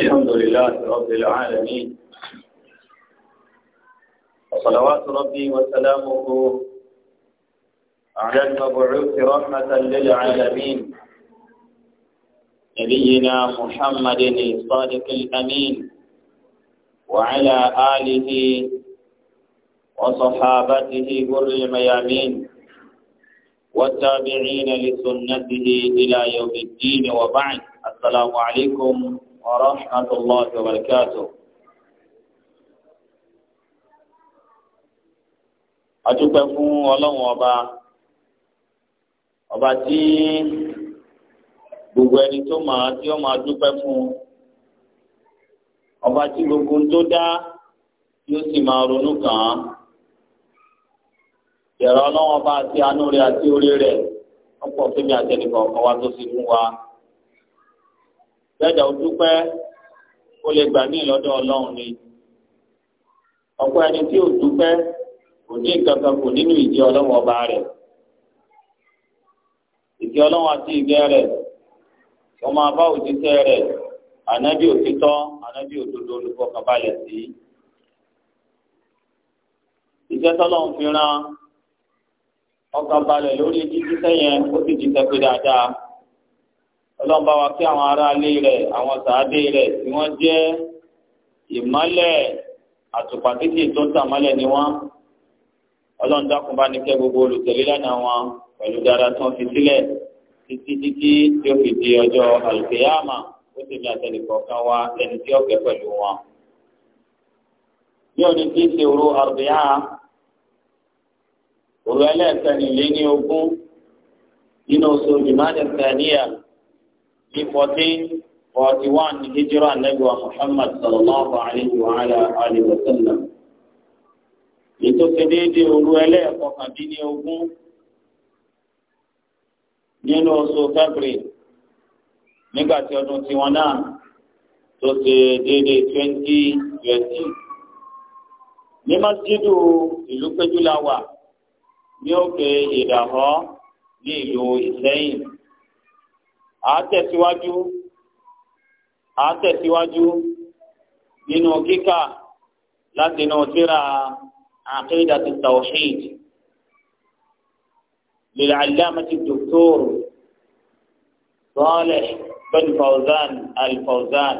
الحمد لله رب العالمين وصلوات ربي وسلامه على المبعوث رحمة للعالمين نبينا محمد الصادق الأمين وعلى آله وصحابته بر الميامين والتابعين لسنته إلى يوم الدين وبعد السلام عليكم ورحمة الله وبركاته adúpẹ́ fún ọlọ́run ọba ọba tí gbogbo ẹni tó máa tí ó fún ọba tí gbogbo tó dá tí ó sì máa án ọba rẹ̀ àti orí rẹ̀ gbẹdẹ o dúpẹ́ o lè gbà mí lọ́dọ̀ Ọlọ́run ni ọ̀pọ̀ ẹni tí o dúpẹ́ kò ní kankan kò nínú ìdí Ọlọ́run ọba rẹ̀ Ìdí Ọlọ́run àti ìgẹ rẹ̀ wọn máa bá òjíṣẹ́ rẹ̀ ànábì òtítọ́ ànábì òdodo olùfọkànbalẹ̀ sí ìjẹ tọlọ́run fi rán ọkàn lórí jíjíṣẹ́ yẹn ó sì jíṣẹ́ pé dáadáa. ọlọ́run bá wa kí àwọn aráalé rẹ̀ àwọn sàádé rẹ̀ tí wọ́n jẹ́ ìmọ́lẹ̀ àtùpà títí tó tàn mọ́lẹ̀ ni wọ́n ọlọ́run dákun bá ní kẹ́ gbogbo olùtẹ̀lé lánàá wọn pẹ̀lú dáadáa tí wọ́n fi sílẹ̀ títí títí tí ó fi di ọjọ́ àlùkìyàmà ó sì ní àtẹnìkọ̀ọ̀kan wa ẹni tí ó kẹ́ pẹ̀lú wọn. bí òní tí ṣe òru àrùbíyá òru ẹlẹ́ẹ̀kẹ́rin lé ní ogún nínú oṣù jùmọ́ ní fourteen forty one hijira anabi wa muhammad sallallahu alayhi wa ala alihi wa sallam ètò ìṣedéédé òru ẹlẹ́ẹ̀kọkàndínlógún nínú oṣù february nígbà tí ọdún tiwọn náà tó ṣe déédé twenty twenty ní masjidu ìlú péjúláwà ní òkè ìdàhọ́ ní ìlú ìsẹ́yìn àátẹ̀síwájú àátẹ̀síwájú nínú kíkà láti inú tírà aqidatu tawhid lil'allamati dr salih bin fawzan al-fawzan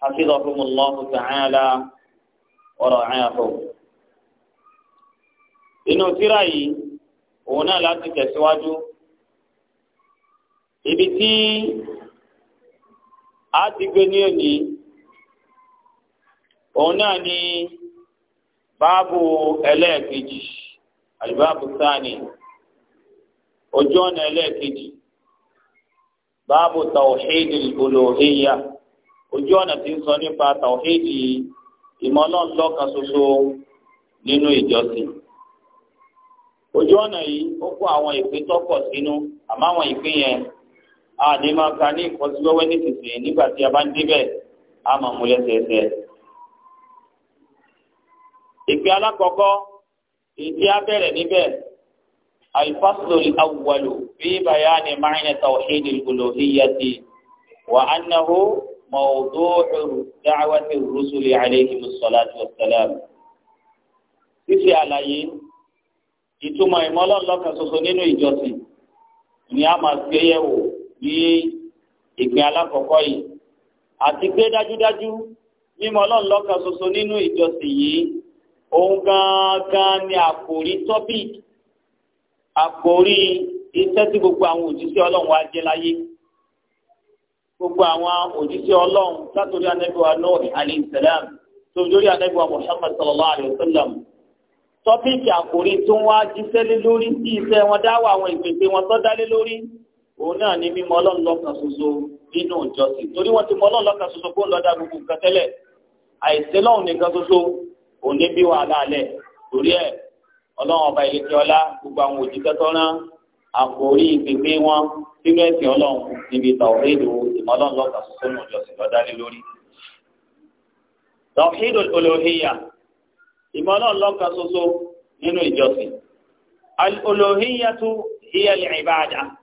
hafizahumullahu ta'ala wa ra'ahum inú tírà yìí òun náà láti tẹ̀síwájú ibi tí a ti gbé ní òní òun náà ni báàbù ẹlẹ́ẹ̀kejì àlùbáàbù sáàni ojú ọ̀nà ẹlẹ́ẹ̀kejì báàbù tàwọ̀hídì olóhìyà ojú ọ̀nà tí ń sọ nípa tàwọ̀hídì ìmọ̀lọ́nlọ́kan ṣoṣo nínú ìjọsìn ojú ọ̀nà yìí ó kó àwọn ìpín tó sínú àmọ́ àwọn ìpín yẹn àní máa ka ní ìfọ́síwẹ́wẹ́ nísinsìnyí nígbà tí a bá ń débẹ̀ a máa mú lẹ́sẹẹsẹ. ìpè alákọ̀ọ́kọ́ ìdí abẹ́rẹ́ níbẹ̀ alifaslo awwalu fi bayani ma'na tawhid al-uluhiyyati wa annahu mawdu'u da'wati ar-rusuli alayhim as-salatu was-salam. ṣíṣe àlàyé ìtumọ̀ ìmọ̀lọ́lọ́kan ṣoṣo nínú ìjọsìn ni a máa ṣe yẹ̀wò bí ìpín alákọ̀ọ́kọ́ yìí àti pé dájúdájú mímọ̀ ọlọ́run lọ́kan ṣoṣo nínú ìjọsìn yìí òun gangan ni àkòrí topic àkòrí iṣẹ́ tí gbogbo àwọn òjíṣẹ́ ọlọ́run wá jẹ́ láyé gbogbo àwọn òjíṣẹ́ ọlọ́run látòrí anẹ́gbẹ̀wá Nuh alayhi salam tòjòrí anẹ́gbẹ̀wá Muhammad sallallahu alayhi wa sallam tọ́pìkì àkòrí tó ń wá jíṣẹ́ lé lórí sí iṣẹ́ wọn dáwọ́ àwọn ìpèsè wọn tó dálé lórí òun náà ni mímọ̀ Ọlọ́run lọ́kàn ṣoṣo nínú ìjọsìn torí wọ́n ti mọ̀ Ọlọ́run lọ́kàn ṣoṣo kó ń lọ dá gbogbo nǹkan tẹ́lẹ̀ àìsí lọ́run nìkan ṣoṣo òun ní bí wàhálà alẹ torí ẹ̀ Ọlọ́run ọba ìlẹkẹ ọlá gbogbo àwọn òjìká tó rán àkórí ìgbègbè wọn sínú ẹ̀sìn Ọlọ́run níbi tàwọrẹdù ìmọ̀ lọ́kàn ṣoṣo nù ìjọsìn lọdá lé lórí. tàwọrẹdù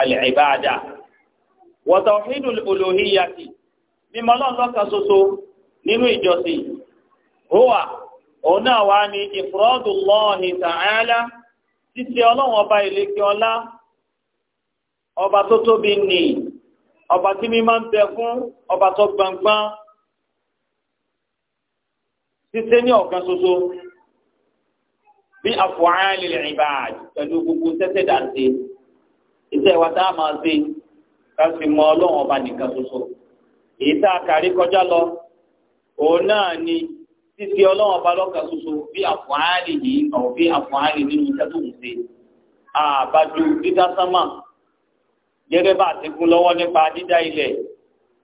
al-ibada wa tawhidul uluhiyyati mímọ́ náà lọ́kàn ṣoṣo nínú ìjọsìn huwa òun náà wá ní ifradullahi ta'ala títí ọlọ́run ọba ìlẹ́kẹ́ ọlá ọba tó tóbi nì ọba tí mi máa ń bẹ fún ọba tó gbangban títí ní ọ̀kan ṣoṣo bí af'alil ibad pẹ̀lú gbogbo tẹ́tẹ́ dàńtẹ́ iṣẹ́ wa tá a máa ṣe ká sì mọ ọlọ́run ọba nìkan ṣoṣo èyí tá a kàrí kọjá lọ òun náà ni fífi ọlọ́run ọba lọ́kàn ṣoṣo bí àfọ̀hárì yìí àwọn bí àfọ̀hárì nínú iṣẹ́ tó ń ṣe àbájú dídá sánmà gẹ́gẹ́ bá a ti kún lọ́wọ́ nípa dídá ilẹ̀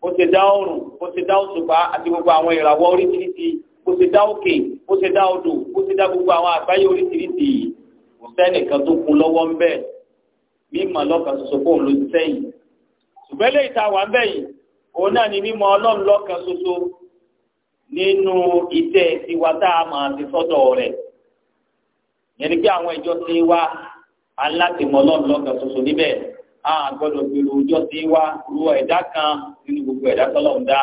ó ti dá oòrùn ó ti dá òṣùpá àti gbogbo àwọn ìràwọ̀ oríṣiríṣi ó ti dá òkè ó ti dá odò ó ti dá gbogbo àwọn àgbáyé oríṣiríṣi kò sẹ́nìkan tó kún lọ́wọ́ ń bẹ́ẹ̀ mímọ̀ lọ́kàn soso, fóun ló ti sẹ́yìn ṣùgbọ́n lè ta wà bẹ́yìn òun náà ni mímọ̀ ọlọ́run lọ́kàn ṣoṣo nínú iṣẹ́ tiwa tá a máa ti sọ́dọ̀ rẹ̀ yẹn ni pé àwọn ìjọ ti wá alátìmọ̀ ọlọ́run lọ́kàn ṣoṣo níbẹ̀ a gbọ́dọ̀ gbèrò ìjọ ti wá ru ẹ̀dá kan nínú gbogbo ẹ̀dá tọ́lọ́run dá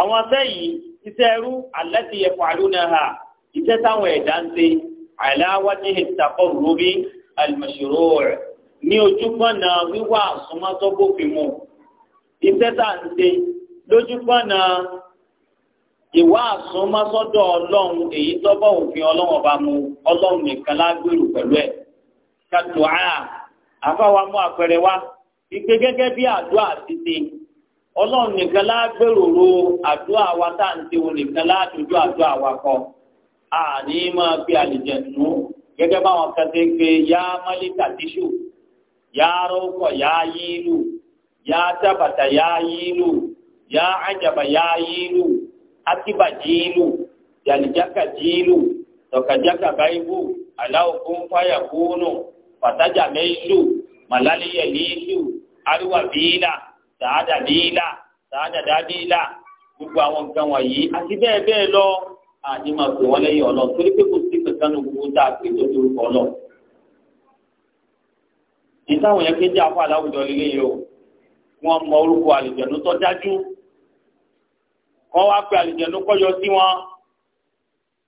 àwọn sẹ́yìn iṣẹ́ ẹrú alẹ́ ti yẹ fàlú náà iṣẹ́ táwọn ẹ̀dá ń ṣe àìláwájú ìtàkọ́ rúbí al-mashru' ní ojúkọ̀nà wíwá àsomátọ́ bófin mu iṣẹ́ tá à ń ṣe lójúkọ̀nà ìwá àsomásọ́dọ̀ ọlọ́run èyí tọ́bọ̀ òfin ọlọ́run ọba mu ọlọ́run nìkan lágbèrò pẹ̀lú ẹ̀ kàtó àyà àfáwámú àpẹẹrẹ wa ìgbé gẹ́gẹ́ bí àdúrà títí ọlọ́run nìkan lágbèrò ro àdúrà wa tá à ń ṣe òun nìkan ládojú àdúrà wa kọ àní máa fi àlìjẹ̀nù gẹ́gẹ́ báwọn kan ti ń pe yá málíkà tíṣù yá rọ́kọ̀ yá yílù yá tábàtà yá yílù yá àjàbà yá yílù akíbà jílù yàlìjáka jílù tọkàjáka báyìbù aláwòkún fáyà kúnù pàtàjà mẹ́lù màlálíyà lílù àríwá bíílà sàádà bíílà sàádà dábíílà gbogbo àwọn nǹkan wọ̀nyí àti bẹ́ẹ̀ bẹ́ẹ̀ lọ àti máa pè wọ́n lẹ́yìn ọ̀nà torí pé kankan ní gbogbo tá a pè tó tó kọ lọ. ìtàwọn yẹn kéde afọ aláwùjọ líle yìí o wọn mọ orúkọ àlùjẹnu tó dájú kọ́ wá pé àlùjẹnu kọ́yọ sí wọn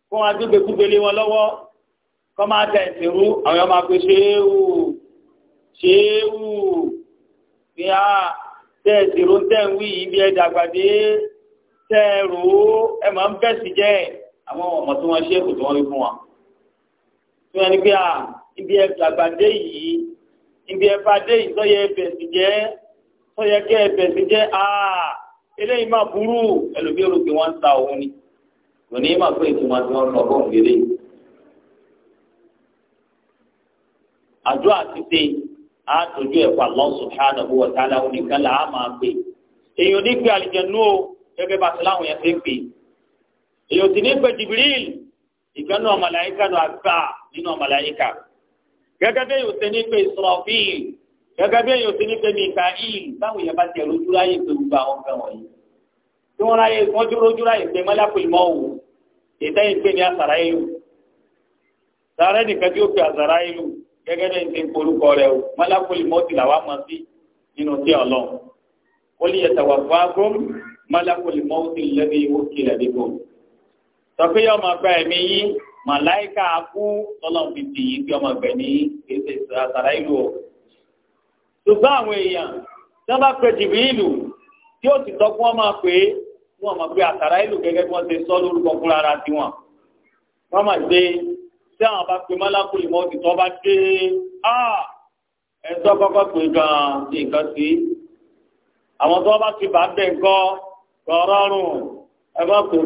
kó wọn agbègbè kúgbélé wọn lọ́wọ́ kọ́ máa tẹ̀ ẹ̀sìn rú àwọn yẹn máa pe ṣéwù ṣéwù fi hàn tẹ ìṣirò tẹ ń wí yìí bí ẹdà gbàdé tẹ rò máa ń bẹ̀sì jẹ́ àwọn ọmọ tí wọ́n ṣe kò tí wọ́n rí fún wa tí wọ́n ní pé à ibi ẹ gbàgbàdé yìí ibi ẹ fàdé yìí sọ́yẹ ẹbẹ̀ sì jẹ́ sọ́yẹ kẹ́ ẹbẹ̀ sì jẹ́ à eléyìí máa burú ẹlòmíì rò pé wọ́n ń ta òun ni kò ní máa pé ìtumọ̀ tí wọ́n sọ fún òkèlè yìí. àdúrà títí àtòjú ẹ̀fọ́ Allah subhanahu wa ta'ala nìkan là á máa pè èèyàn ní pé àlìjẹ̀nú o gẹ́gẹ́ bá ti láwọn yẹn ti ń pè èèyàn ti ní pé Jibril ìkan náà màláyíkà náà àgbà nínú màláyíkà gẹ́gẹ́ bẹ́ẹ̀ yóò ṣe ní pé Israfil gẹ́gẹ́ bẹ́ẹ̀ yóò ṣe ní pé Mikail báwo yẹn bá tiẹ̀ rojú ráyè pé gbogbo àwọn nǹkan wọ̀nyí tí wọ́n ráyè wọ́n jó rojú ráyè pé mọ́lápìlmọ́ wò ètò yìí pé ní àsàrà yìí lò sàrẹ́ nìkan tí ó pe àsàrà yìí lò gẹ́gẹ́ bẹ́ẹ̀ ṣe ń polúkọ rẹ̀ o mọ́lápìlmọ́ ti làwa mọ̀ sí sọ pé yọ ọmọ ọgbà ẹ̀mí yín màláìka kú tọ́lọ́mù fi tì yín bí ọmọ ọgbà ní ètò àtàrà ìlú o. ṣùgbọ́n àwọn èèyàn tí wọ́n bá pe jìbìlù tí ó ti tọ́kún wọn máa pè é wọn mọ̀ pé àtàrà ìlú gẹ́gẹ́ bí wọ́n ti sọ lórúkọ fúnra ara tiwọn. wọ́n máa gbé tí àwọn bá pe mọ́lákùlì mọ́ ti tọ́ bá dé ẹ̀sọ́ kọ́kọ́ pé gan-an nǹkan sí. àwọn tí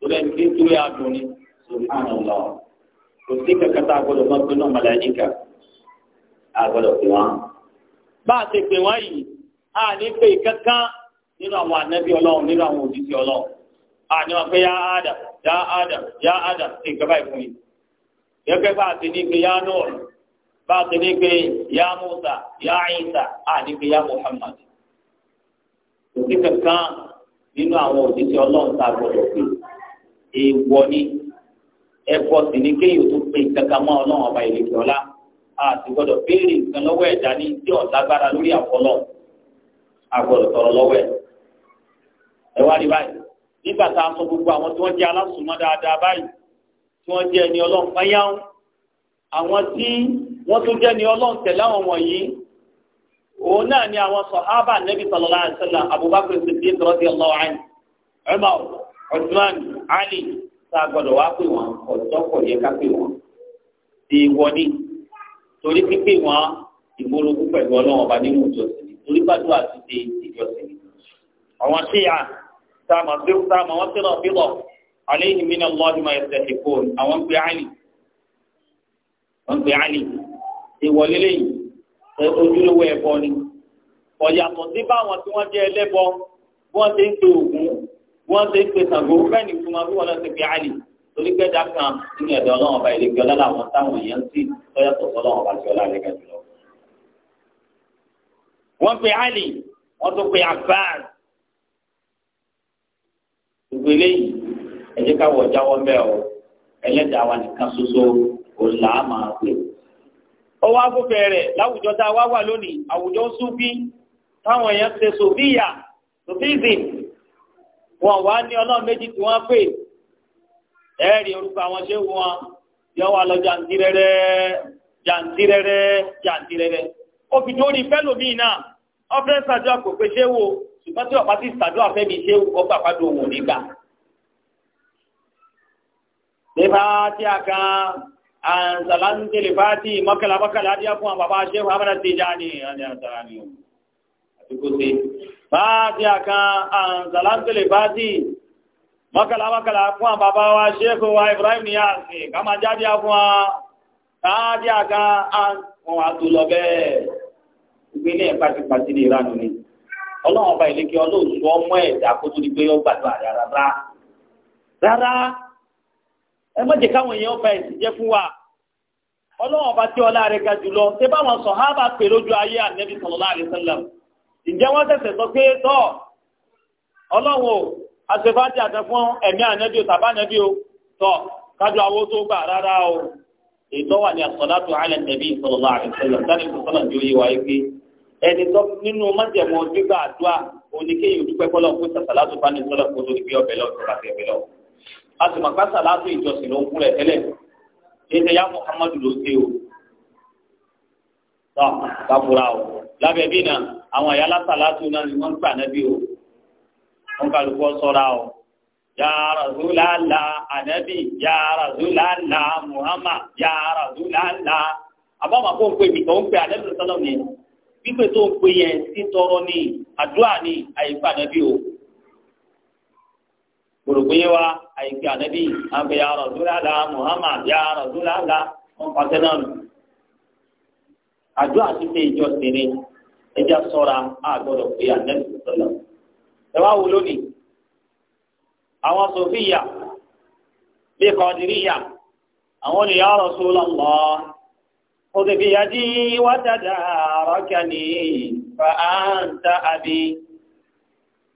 torí ẹni tí ń torí adùn ni sórí àná lọ kò sí kankan tá a gbọ́dọ̀ máa pe náà màláíkà a gbọ́dọ̀ pè wọn. bá a ti pè wọn yìí a ní pé kankan nínú àwọn ànábì Ọlọ́run nínú àwọn òjíṣẹ́ Ọlọ́run a ní wọn pé yá ádà yá ádà yá ádà ṣe nǹkan báyìí fún yìí gẹ́gẹ́ bá a ti ní pé yá nùr bá a ti ní pé yá Musa yá Isa a ní pé yá Muhammad kò sí kankan nínú àwọn òjíṣẹ́ Ọlọ́run tá a gbọ́dọ̀ pè èèwọ̀ ni ẹ̀kọ́ sì ni kéèyàn tó pe kankan mọ́ ọlọ́run ọba ìlú ìjọlá àti gbọ́dọ̀ béèrè nǹkan lọ́wọ́ ẹ̀dá ní tí ọ̀lágbára lórí àfọlọ́ àgbọ̀dọ̀ tọrọ lọ́wọ́ ẹ̀. ẹ wá rí báyìí nígbà tá a sọ gbogbo àwọn tí wọ́n jẹ́ alásùnmọ́ dáadáa báyìí tí wọ́n jẹ́ ẹni ọlọ́run fáyáwó àwọn tí wọ́n tún jẹ́ ẹni ọlọ́run tẹ̀lé àwọn wọ̀nyí òun náà ni àwọn sàhábà nẹ́bí sallallahu alaihi wasallam Abubakar Siddiq radiyallahu anhu Osman Ali tá a gbọ́dọ̀ wá pè wọ́n ọ̀tọ́kọ̀ yẹ ká pè wọ́n ti wọlé torí pípé wọn ìmọ̀lógún pẹ̀lú ọlọ́run ọba nínú ìjọsìn torí gbàdúrà àti ṣe ìjọsìn. àwọn ṣíyà tá a mọ̀ sí tá a mọ̀ wọ́n sílọ̀ bílọ̀ alayhi mina Allahi ma yastahiqun àwọn gbé àlì wọ́n gbé àlì ìwọlé lẹ́yìn ojúlówó ẹ̀bọ ni ọ̀yàtọ̀ sí báwọn tí wọ́n jẹ́ ẹlẹ́bọ bí wọ́n ti ń ṣe òògùn wọ́n ṣe pé Ṣàngó bẹ́ẹ̀ ni kuma bí wọ́n lọ ṣe pé Àlì torí pé dákan nínú ẹ̀dọ́ ọlọ́run ọba ìlẹ́gbẹ́ ọlọ́run táwọn èèyàn sì lọ́yà tọ̀tọ̀ ọlọ́run ọba tí ọlá rẹ̀ ga jùlọ. wọ́n pe Àlì wọ́n tún pe Abbas gbogbo eléyìí ẹ jẹ́ ká wọ̀ jáwọ́ bẹ́ẹ̀ o ẹlẹ́dàá wa nìkan ṣoṣo kò là á máa pè. ọwọ́ afọ́fẹ́ rẹ̀ láwùjọ tá a wá wà lónìí àwùjọ súnbí táwọn èèyàn ṣe sòfíyà sòfíìsì wọn wá ní ọlọ́run méjì tí wọ́n pè ẹ̀rí orúkọ àwọn ṣé wọn yọ wá lọ jàǹtìrẹrẹ jàǹtìrẹrẹ jàǹtìrẹrẹ òbí tó rí fẹ́ lómi náà ọ̀fẹ́ ṣàdúrà kò pé ṣé wo ṣùgbọ́n tí ọ̀pá ti ṣàdúrà fẹ́ mi ṣé ọgbà pàdé òun ò ní gbà. Bébà tí a kan àǹsàlá ń tẹ̀lé fáti mọ́kànlá mọ́kànlá díẹ̀ fún àwọn bàbá ṣé wọn abẹ́rẹ́ ti já ní àǹsàlá ni o ikuti fatiha kan anzalantele fati mọ́kànlá mọ́kànlá fún àwọn bàbá wa ṣéèkù wa Ibrahim ní àṣì ká máa jáde fún wa fatiha kan àwọn àtòlọ bẹ́ẹ̀ ìpínlẹ̀ pàtìpàtì ní ìranù ni ọlọ́run ọba ìlékè ọlọ́ọ̀sù ọmọ ẹ̀dá kó tó di pé ó gbàdúrà rárá rárá ẹ má jẹ́ káwọn èèyàn fa ẹ̀sìn jẹ́ fún wa ọlọ́run ọba tí ọlá rẹ̀ ga jùlọ ṣé báwọn sọ̀hábà pè lójú ayé ànẹ́bí sallallahu alaihi wasallam ǹjẹ́ wọ́n tẹ̀sẹ̀ sọ pé tọ́ ọlọ́run o àṣefáàtì àtẹ fún ẹ̀mí ànẹ́bí o tàbá ànẹ́bí o tọ́ kájọ àwọn tó gbà rárá o ètò wà ní àsọ̀dátù alẹ́ nàbí sallallahu alaihi wasallam sani sọ̀lá ju yé wáyé pé ẹni tó nínú májẹ̀mọ́ gbígbà àdúrà oníkéyìí dúpẹ́ kọ́lọ́ fún sàṣàlátù bá ní sọ́lá kó lórí bí ọbẹ̀ lọ sọ́lá tẹ̀ bẹ̀ lọ. a sì mọ̀ pásálátù ìjọsìn ló ń kúrẹ̀ tẹ́lẹ̀ tọ́ káfúrà o lábẹ́ bí náà àwọn ẹ̀yà lásàlátù náà ni wọ́n ń gbà nábì o wọ́n kálukú sọ́ra o ya rasulala anabi ya rasulala muhammad ya rasulala àbámu àpò ń pè mí kàn ń pè anabi sọlọ ni pípé tó ń pè yẹn sí tọrọ ni àdúrà ni àyíká anabi o gbòrògbóyè wa àyíká anabi àbẹ̀yà rasulala muhammad ya rasulala wọ́n pàṣẹ náà àjọ àti pé ìjọ sèré ẹja sọra àgbọ́dọ̀ pé ànẹsì sọlọ ẹ wá wo lónìí àwọn sofiya bíi kọdiriya àwọn lè yà Rasulullah òdìbí yadí wàdàdà rọkàní fa anta abi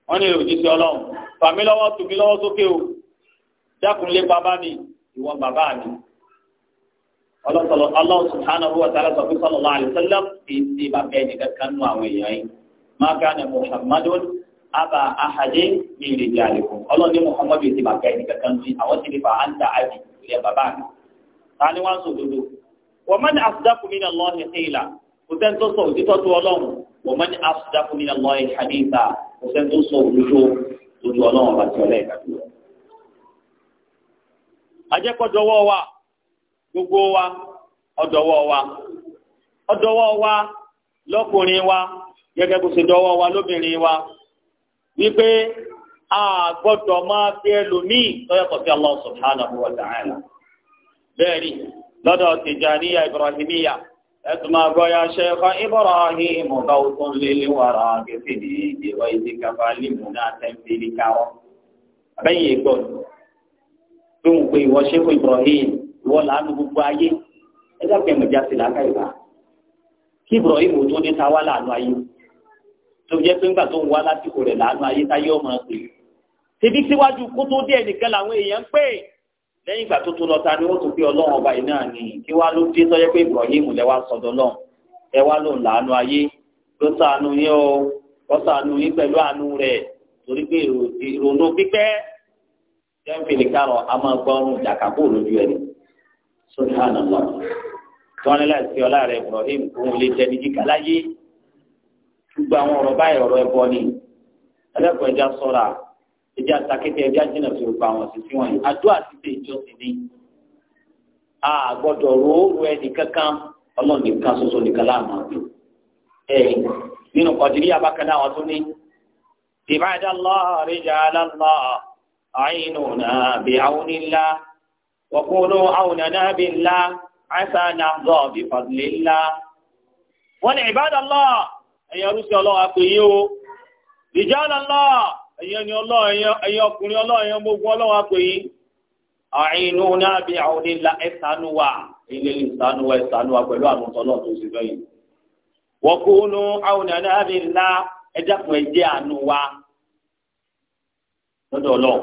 wọn ní ìròyìn sí Ọlọ́run fàmílọwọ tùmílọwọ sókè o dákun bàbá mi ìwọ bàbá mi ọlọ́sọ̀lọ́ Allah subhanahu wa ta'ala sọ fún sallallahu alaihi wasallam èsì bàbá ẹni kankan nù àwọn èèyàn yìí ma kana muhammadun aba ahadi min rijalikum ọlọ́ni muhammadu èsì bàbá ẹni kankan nù àwọn ti ní fa anta àbí ìyẹn bàbá mi tani wá sọ dodo wa man asdaqu min Allahi qila kò sẹ́ni tó sọ òtítọ́ tó ọlọ́run wa man asdaqu min Allahi haditha kò sẹ́ni tó gbogbo wa ọdọwọ wa ọdọwọ wa lọkùnrin wa bó ṣe dọwọ́ wa lóbìnrin wa wípé a gbọ́dọ̀ máa fi ẹlòmíì lọ́yàtọ̀ sí Allah subhanahu wa ta'ala bẹ́ẹ̀ ni lọ́dọ̀ Tijaniya Ibrahimiya ya Sheikha Ibrahim gawtun lil wara kẹfìdì tó ń pè Ibrahim ìwọ làánú gbogbo ayé ẹ dákẹ́ ẹ̀mọ̀já sí làákà ìwà kí Ibrahim tó ní ta wá làánú ayé tó jẹ́ pé ńgbà tó ń wá lásìkò rẹ̀ làánú ayé táyé ọmọ pè é tẹbi síwájú kó tó dé ẹnìkan làwọn èèyàn ń pè ìgbà tó tó lọ ta ni wọ́n tún pé Ọlọ́run ọba yìí náà ni kí wàá ló dé tọyẹ pé Ibrahim lẹwà sọ́dọ̀ náà ẹ wá lòun làánú ayé ló ṣàánú yín o ó ṣàánú yín pẹ̀lú àánú rẹ̀ torí pé ìrònú pípẹ́ jẹ́ ń fi nìkan rọ a máa gbọ́rùn jàkà kó lójú subhanallah tọ́ni láti ọlá rẹ̀ Ibrahim kò ń lè jẹni jíkà láyé gbogbo àwọn ọ̀rọ̀ báyìí ọ̀rọ̀ ẹ̀bọ ni ẹlẹ́kọ̀ọ́ ẹja sọ́ra ẹja takété ẹja jìnnà sí gbogbo àwọn òṣìṣẹ́ wọ̀nyí àdúrà ti ṣe ìjọsìn ni a gbọ́dọ̀ ro oru ẹni kankan ọlọ́run nìkan ṣoṣo nìkan láàmú àgbẹ̀ ẹ̀ nínú kọ̀dìrí abákaná àwọn tó ní ìbáradà lọ́ọ̀rì jà lọ́ọ̀ àìnù náà bí àwọn onílá. وقولوا أولنا بالله عسى نحظى بفضل الله wọ́n ní عباد الله ẹ̀yin arúsí ọlọ́run apèyí o رجال الله ẹ̀yin ni ọlọ́run ẹ̀yin ọkùnrin ọlọ́run ẹ̀yin gbogbo ọlọ́run apèyí أعينونا بعون الله ẹ̀sánú wa ilé ìsánú wa ẹ̀sánú wa pẹ̀lú àwọn tọ́lọ́ tó sì fẹ́ yìí وكونوا أولنا بالله ẹ̀dá kan ẹ̀jẹ̀ àánú wa lọ́dọ̀ ọlọ́run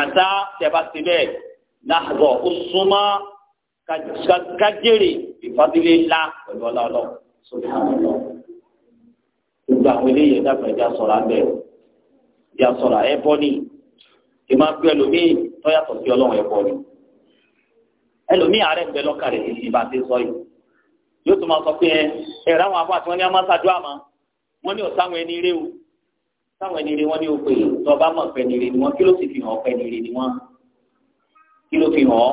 àtá tẹ̀ bá ti bẹ́ẹ̀ láàbọ̀ ó súnmọ́ kájèrè ìfọ́dílé ńlá pẹ̀lú ọlọ́ọ̀lọ́ sọ́dọ̀ gbogbo àwọn eléyìí dàgbà ìjà sọ̀rọ̀ abẹ́ ìjà sọ̀rọ̀ ẹ̀bọ ni kì máa gbé ẹlòmíì tọ́yàtọ̀ sí ọlọ́run ẹ̀bọ ni ẹlòmíì ààrẹ ń bẹ lọ́kà rẹ̀ títí bá ti sọ yìí yóò tún máa sọ pé ẹ̀rọ àwọn afọ àti wọn ní amásádùn àmọ́ wọn ní ọ̀sáwọn ẹni rẹ o sáwọn ẹni rẹ wọn ní o tọba mọ̀ pẹ́ rẹ ni wọn kí ló sì fi hàn pẹ́ rẹ ni wọn kí ló fi hàn ọ́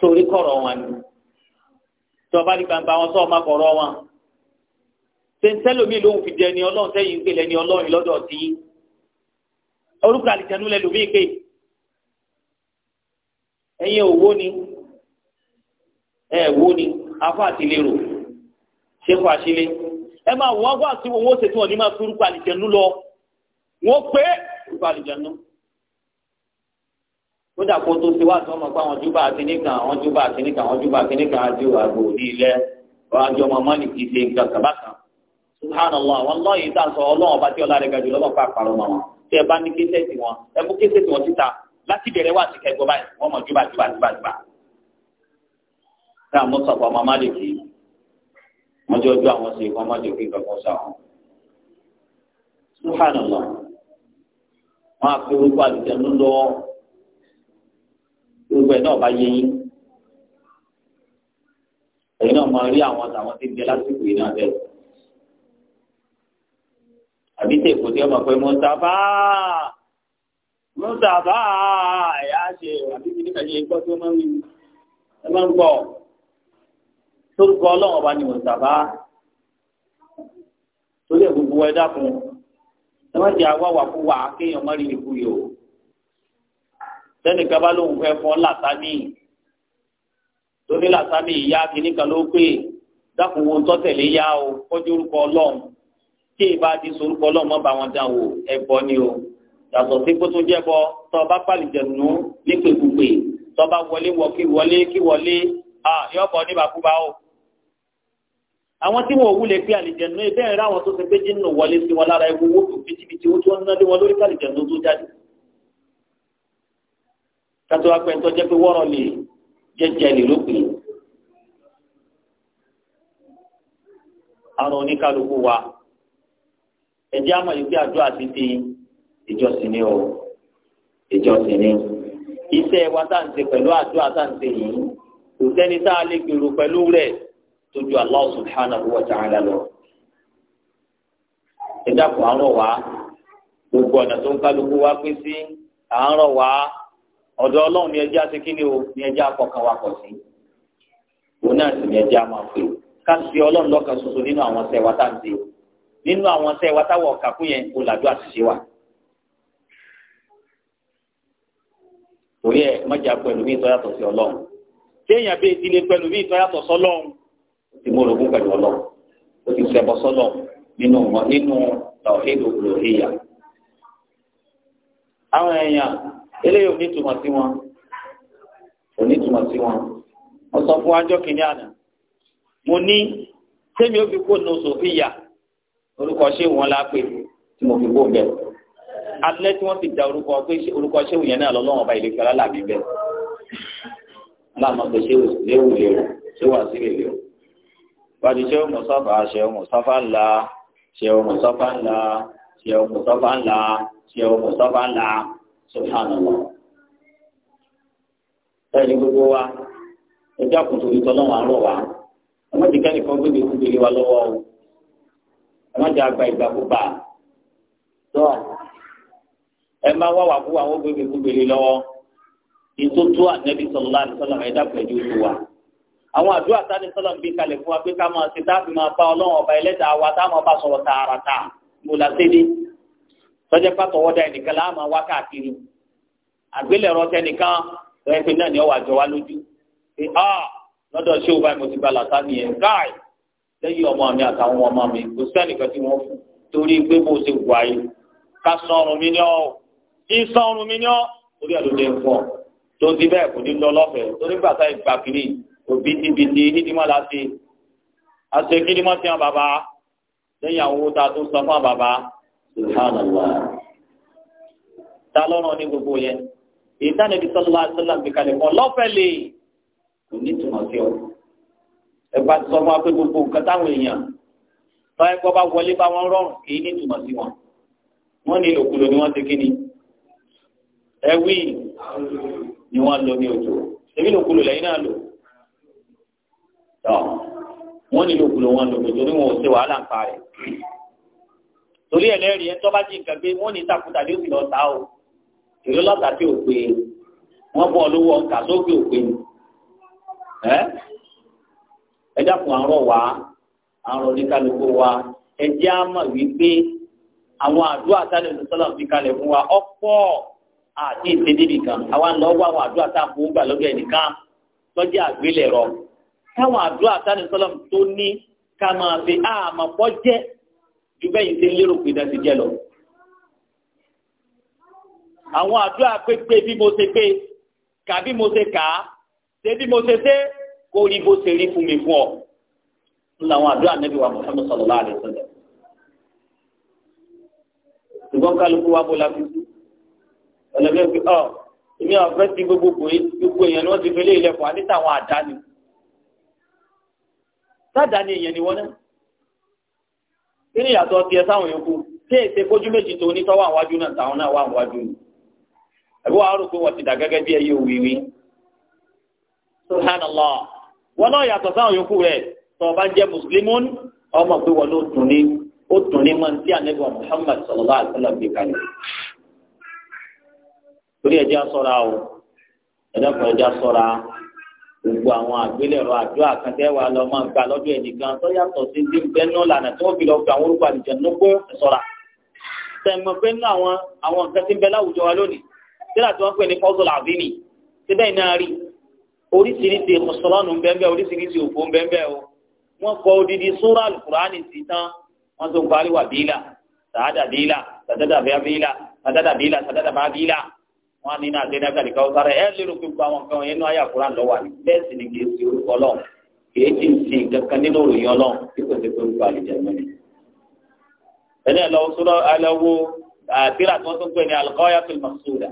torí kọ̀rọ̀ wọn ni tí ọba ní gbangba wọn sọ ọmọ kọ̀rọ̀ wọn sẹ́ńtẹ́lómi lòun fi jẹ ni ọlọ́run sẹ́yìn ń pèlẹ́ ni ọlọ́run lọ́dọ̀ tí orúkọ àlìjẹnú lẹ lómi pé ẹ̀yin òwò ni ẹ̀ wò ni afọ àtìlérò ṣéfọ àṣìlé ẹ máa wọ́n wá sí wọn wọ́n ṣètò ọ̀ní máa fi orúkọ àlìjẹnú lọ wọ́n pé orúkọ àlìjẹnú kódà kó tó ti wá sọ ọmọ pé àwọn júbà kínní kan àwọn júbà kínní kan àwọn júbà kínní kan àti àgbò ní ilẹ̀ ọjọ́ ọmọ kì í ṣe nǹkan kàbá kan subhanallah wọn lọ yìí tàn sọ ọlọ́run ọba tí ọlá rẹ̀ ga jù lọ́wọ́ pa àpàrọ̀ mọ́ wọn tí ẹ bá ní kéṣẹ́ tí wọn ẹ mú kéṣẹ́ tí wọn síta láti bẹ̀rẹ̀ wá sí kẹgbọ́ báyìí wọ́n mọ̀ júbà júbà júbà júbà. sáà mọ́sàkó ọmọ málèkì mọ́jọ́ ojú àwọn ṣe ìfọ́n mọ́jọ́ kí nǹkan kan subhanallah wọn àfi orúkọ àlùjẹ ló lọ́wọ́ gbogbo ẹ̀ náà bá yé yín ẹ̀yin náà máa rí àwọn àtàwọn tí ń bẹ lásìkò yìí náà bẹ́ẹ̀ àbí tẹ èkó tí ọmọ pé mọ́tàbá mọ́tàbá ẹ̀yà ṣe àbí kí nípa yẹn gbọ́ tí wọ́n máa ń wí ẹ máa ń gbọ́ tó ń gbọ́ ọlọ́run ọba ni mọ́tàbá torí ẹ̀ gbogbo ẹ dákun ẹ má jẹ́ àwáwà fún wa kéèyàn má rí ikú yìí o sẹ́ni kaba ló ń fẹ́ fọ́ làtàmì tóní làtàmì ìyá kìíní kan ló pè dákun wo tọ́tẹ̀lé yá o kọjú orúkọ ọlọ́run tí ìbá di sorúkọ ọlọ́run mọ́ bá wọn dán wò ẹ̀bọ ni o yàtọ̀ sí kótó jẹ́bọ tọ́ bá pàlìjẹ̀nu nípèkúpè tọ́ bá wọlé wọ kí wọlé kí wọlé à yọ bọ̀ níbàkúbà o. àwọn tí wọn ò wúlẹ̀ pé àlìjẹ̀nu bẹ́ẹ̀ ráwọn tó ti gbé jínú wọlé sí wọn lára ewu wọ́pọ̀ bìtìbìtì wọ́n tí wọ́n ń ná lé wọn lórí pàlìjẹ̀nu tó jáde kátó wá pé ntọ́jẹ́ pé wọ́rọ̀ lè jẹ́jẹ́ lè lópin. àwọn oníkálukú wa ẹ̀jẹ̀ àmọ̀ yìí pé àdúrà ti di ìjọsìn ni o ìjọsìn ni iṣẹ́ wa tá à ń ṣe pẹ̀lú àdúrà tá à ń ṣe yìí kò sẹ́ni tá a lè gbèrò pẹ̀lú rẹ̀ tó ju Allah subhanahu wa ta'ala lọ. ẹ dákun àárọ̀ wá gbogbo ọ̀nà tó ń kálukú wá pín sí àárọ̀ wá ọ̀dọ̀ ọlọ́run ni ẹjẹ́ àti kíni o ni ẹjẹ́ akọkàn wa pọ̀ sí òun náà sì ni ẹjẹ́ a máa ká sí ọlọ́run lọ́kàn ṣoṣo nínú àwọn ṣẹ́ wa tá à ń nínú àwọn ṣẹ́ wa táwọn ọ̀kà fún yẹn kò làdó àṣìṣe wa. torí ẹ mọ́jà pẹ̀lú mi ìtọ́ yàtọ̀ sí ọlọ́run tí èèyàn bẹ́ẹ̀ ti lè pẹ̀lú mi ìtọ́ yàtọ̀ sọlọ́run ó ti mú orogún pẹ̀lú ọlọ́run ó ti ṣẹbọ sọlọ́run nínú nínú tàwọn èèyàn eléyìí ò ní túmọ̀ sí wọn ò ní túmọ̀ sí wọn wọ́n sọ fún ajọ́ kìíní àná mo ní sẹ́mi ó fi kó nu sòfíyà orúkọ ṣéwù wọn lápè tí mo fi kó bẹ́ẹ̀ alẹ́ tí wọ́n ti da orúkọ pé orúkọ ṣéwù yẹn náà lọ́lọ́wọ́n ọba ìlẹ́fẹ́ alábí bẹ́ẹ̀ aláàmọ̀ pé ṣéwù léwu léwu ṣéwù àṣírí léwu wàdí ṣéwù mọ̀sáfà ṣéwù mọ̀sáfà ńlá ṣéwù mọ̀sáfà ńlá ṣéwù mọ̀sáfà ńlá ṣéwù mọ̀sáfà ńlá subhanallah ẹni gbogbo wa ẹjọ́ àkùtù ìtọ́lọ́wọ́ àárọ̀ wa ẹ má ti kẹ́nìkan gbèdé kúndélé wa lọ́wọ́ o ẹ má ti àgbà ìgbàkúgbà tó ẹ má wá wà fún àwọn gbèdé kúndélé lọ́wọ́ ìtótó ànẹ́bí sallallahu alaihi wasallam ẹ̀dá pẹ̀lú ìlú wa àwọn àdúrà tani sọlọ ń bí kalẹ̀ fún wa pé ká máa ṣe táàbì máa bá ọlọ́run ọba ẹlẹ́dàá wa táwọn ọba sọ̀rọ̀ tààràtà mo là sọjẹ pàtọwọdà ẹnìkan láàmú wá káàkiri àgbélẹ̀rọ tẹnìkan lọ́yẹ́ pé náà ni ọwọ́ àjọ wa lójú pé a ah, lọ́dọ̀ ṣé o báyìí mo ti gba làtà nìyẹn káì lẹ́yìn ọmọ mi àtàwọn ọmọ mi kò sẹ́nìkan tí wọ́n fún torí pé bó ṣe wù ayé ká sọrùn mi ní ọ́ kí sọrùn mi ní ọ́ orí ẹ̀ ló dé fún ọ tó ti bẹ́ẹ̀ kò ní lọ lọ́fẹ̀ẹ́ torí gbàtà ìgbà kiri òbí ti bi ti hídìmọ́ la ṣe àṣekídìmọ́ sí àwọn bàbá lẹ́yìn àwọn owó ta tó sọ fún àwọn subhanallah ta lọ́rọ̀ ní gbogbo yẹn èyí tá nàbí sọlá sọlá ń bìkalẹ̀ kọ́ lọ́fẹ̀lẹ̀ kò ní túmọ̀ sí ọ ẹgbà sọ fún wa pé gbogbo nǹkan táwọn èèyàn báyìí kọ́ bá wọlé bá wọn rọrùn kì í ní túmọ̀ sí wọn wọn ní ìlòkulò ni wọn ti kí ni ẹwí ni wọn lò ní òjò èmi ìlòkulò lẹ́yìn náà lò tọ wọn ní ìlòkulò wọn lò òjò ni wọn ò ṣe wàhálà ń parẹ́ torí ẹlẹ́rìí ẹ̀ tọ́ bá jí nǹkan gbé wọ́n ní ìtàkùtà ní òbí lọ́ta o ìlú lọ́ta tí ò pé wọ́n bọ́ lówó ọ̀nkà sókè ò pé ẹ́ ẹ dákun àárọ̀ wá àárọ̀ oníkálukú wa ẹ jẹ́ á mọ̀ wípé àwọn àdúrà sálẹ̀ lọ́sọ́lá fi kalẹ̀ fún wa ọ̀pọ̀ àti ìṣedébì kan àwa lọ wá àwọn àdúrà tá a fún gbà lọ́gẹ̀ nìkan tọ́jú àgbélẹ̀rọ táwọn àdúrà sálẹ̀ lọ́sọ́lá ju bẹ́yìn ti lérò pé dá ti jẹ́ lọ. àwọn àdúrà pé pé bí mo ṣe pé kà bí mo ṣe kà á ṣe bí mo ṣe ṣe kó rí bó ṣe rí fún mi fún ọ. ń làwọn àdúrà Ànábì wa Muhammad sallallahu alaihi wasallam. ṣùgbọ́n kálukú wa bó la fi tú. ọ̀lẹ́fẹ́ fi ọ̀ èmi àwọn fẹ́ ti gbogbo gbogbo èèyàn ni wọ́n ti fi lé ilẹ̀kùn àti táwọn àdáni. sádàáni èèyàn ni wọ́n náà kí ni ìyàtọ̀ tiẹ̀ sáwọn yòókù tí èsè kójú méjì tó ní tọ́wọ́ àwájú náà táwọn náà wà àwájú ni ẹ̀bí wàá rò pé wọ́n ti dà gẹ́gẹ́ bí ẹyẹ òwìwí subhanallah wọn náà yàtọ̀ sáwọn yòókù rẹ̀ tó o bá jẹ́ mùsùlùmún ọmọ pé wọn ló dùn ní ó dùn ní mọ́ tí ànábì wa Muhammad sallallahu alaihi wasallam bí kalẹ̀ torí ẹ̀jẹ̀ asọ́ra o ẹ̀dẹ́kun ẹ̀jẹ̀ asọ́ra gbogbo àwọn àgbélẹ̀rọ àjọ àkàntẹ́ wa lọ máa ń gbà lọ́dọ̀ ẹnìkan tó yàtọ̀ sí ti bẹ́nu lànà tí wọ́n fi lọ gba àwọn orúkọ àlùjẹ nùgbọ́ sọ̀ra. sẹ̀mọ̀ bẹ́nu àwọn àwọn nǹkan tí ń bẹ láwùjọ wa lónìí sílá tí wọ́n pè ní fọ́sọ̀lá àbínì síbẹ̀ iná rí oríṣiríṣi sọ̀rọ̀nù ń bẹ́ẹ̀ oríṣiríṣi òfò ń bẹ́ẹ̀ o wọ́n kọ odidi sóra alukurani sí tán wọ́n tó ń parí wà bíílà sàádà bíílà sàdádà bíílà sàdádà bíílà sàdádà bá bíílà wọn ní náà gbé dákàlì káwọ sára ẹ lérò pé gbogbo àwọn kan yẹn ní àyà kúrán lọ wà ní bẹ́ẹ̀ sì ni kì í ṣe orúkọ Ọlọ́run kì í ti ń sin kankan nínú òròyìn Ọlọ́run tí kò ṣe pé orúkọ àlejò ẹmọ ni. ẹni ẹ lọ sọ̀rọ̀ alẹ wo àtìrà tí wọn tún pè ní Al-Ghayatul Maqsuda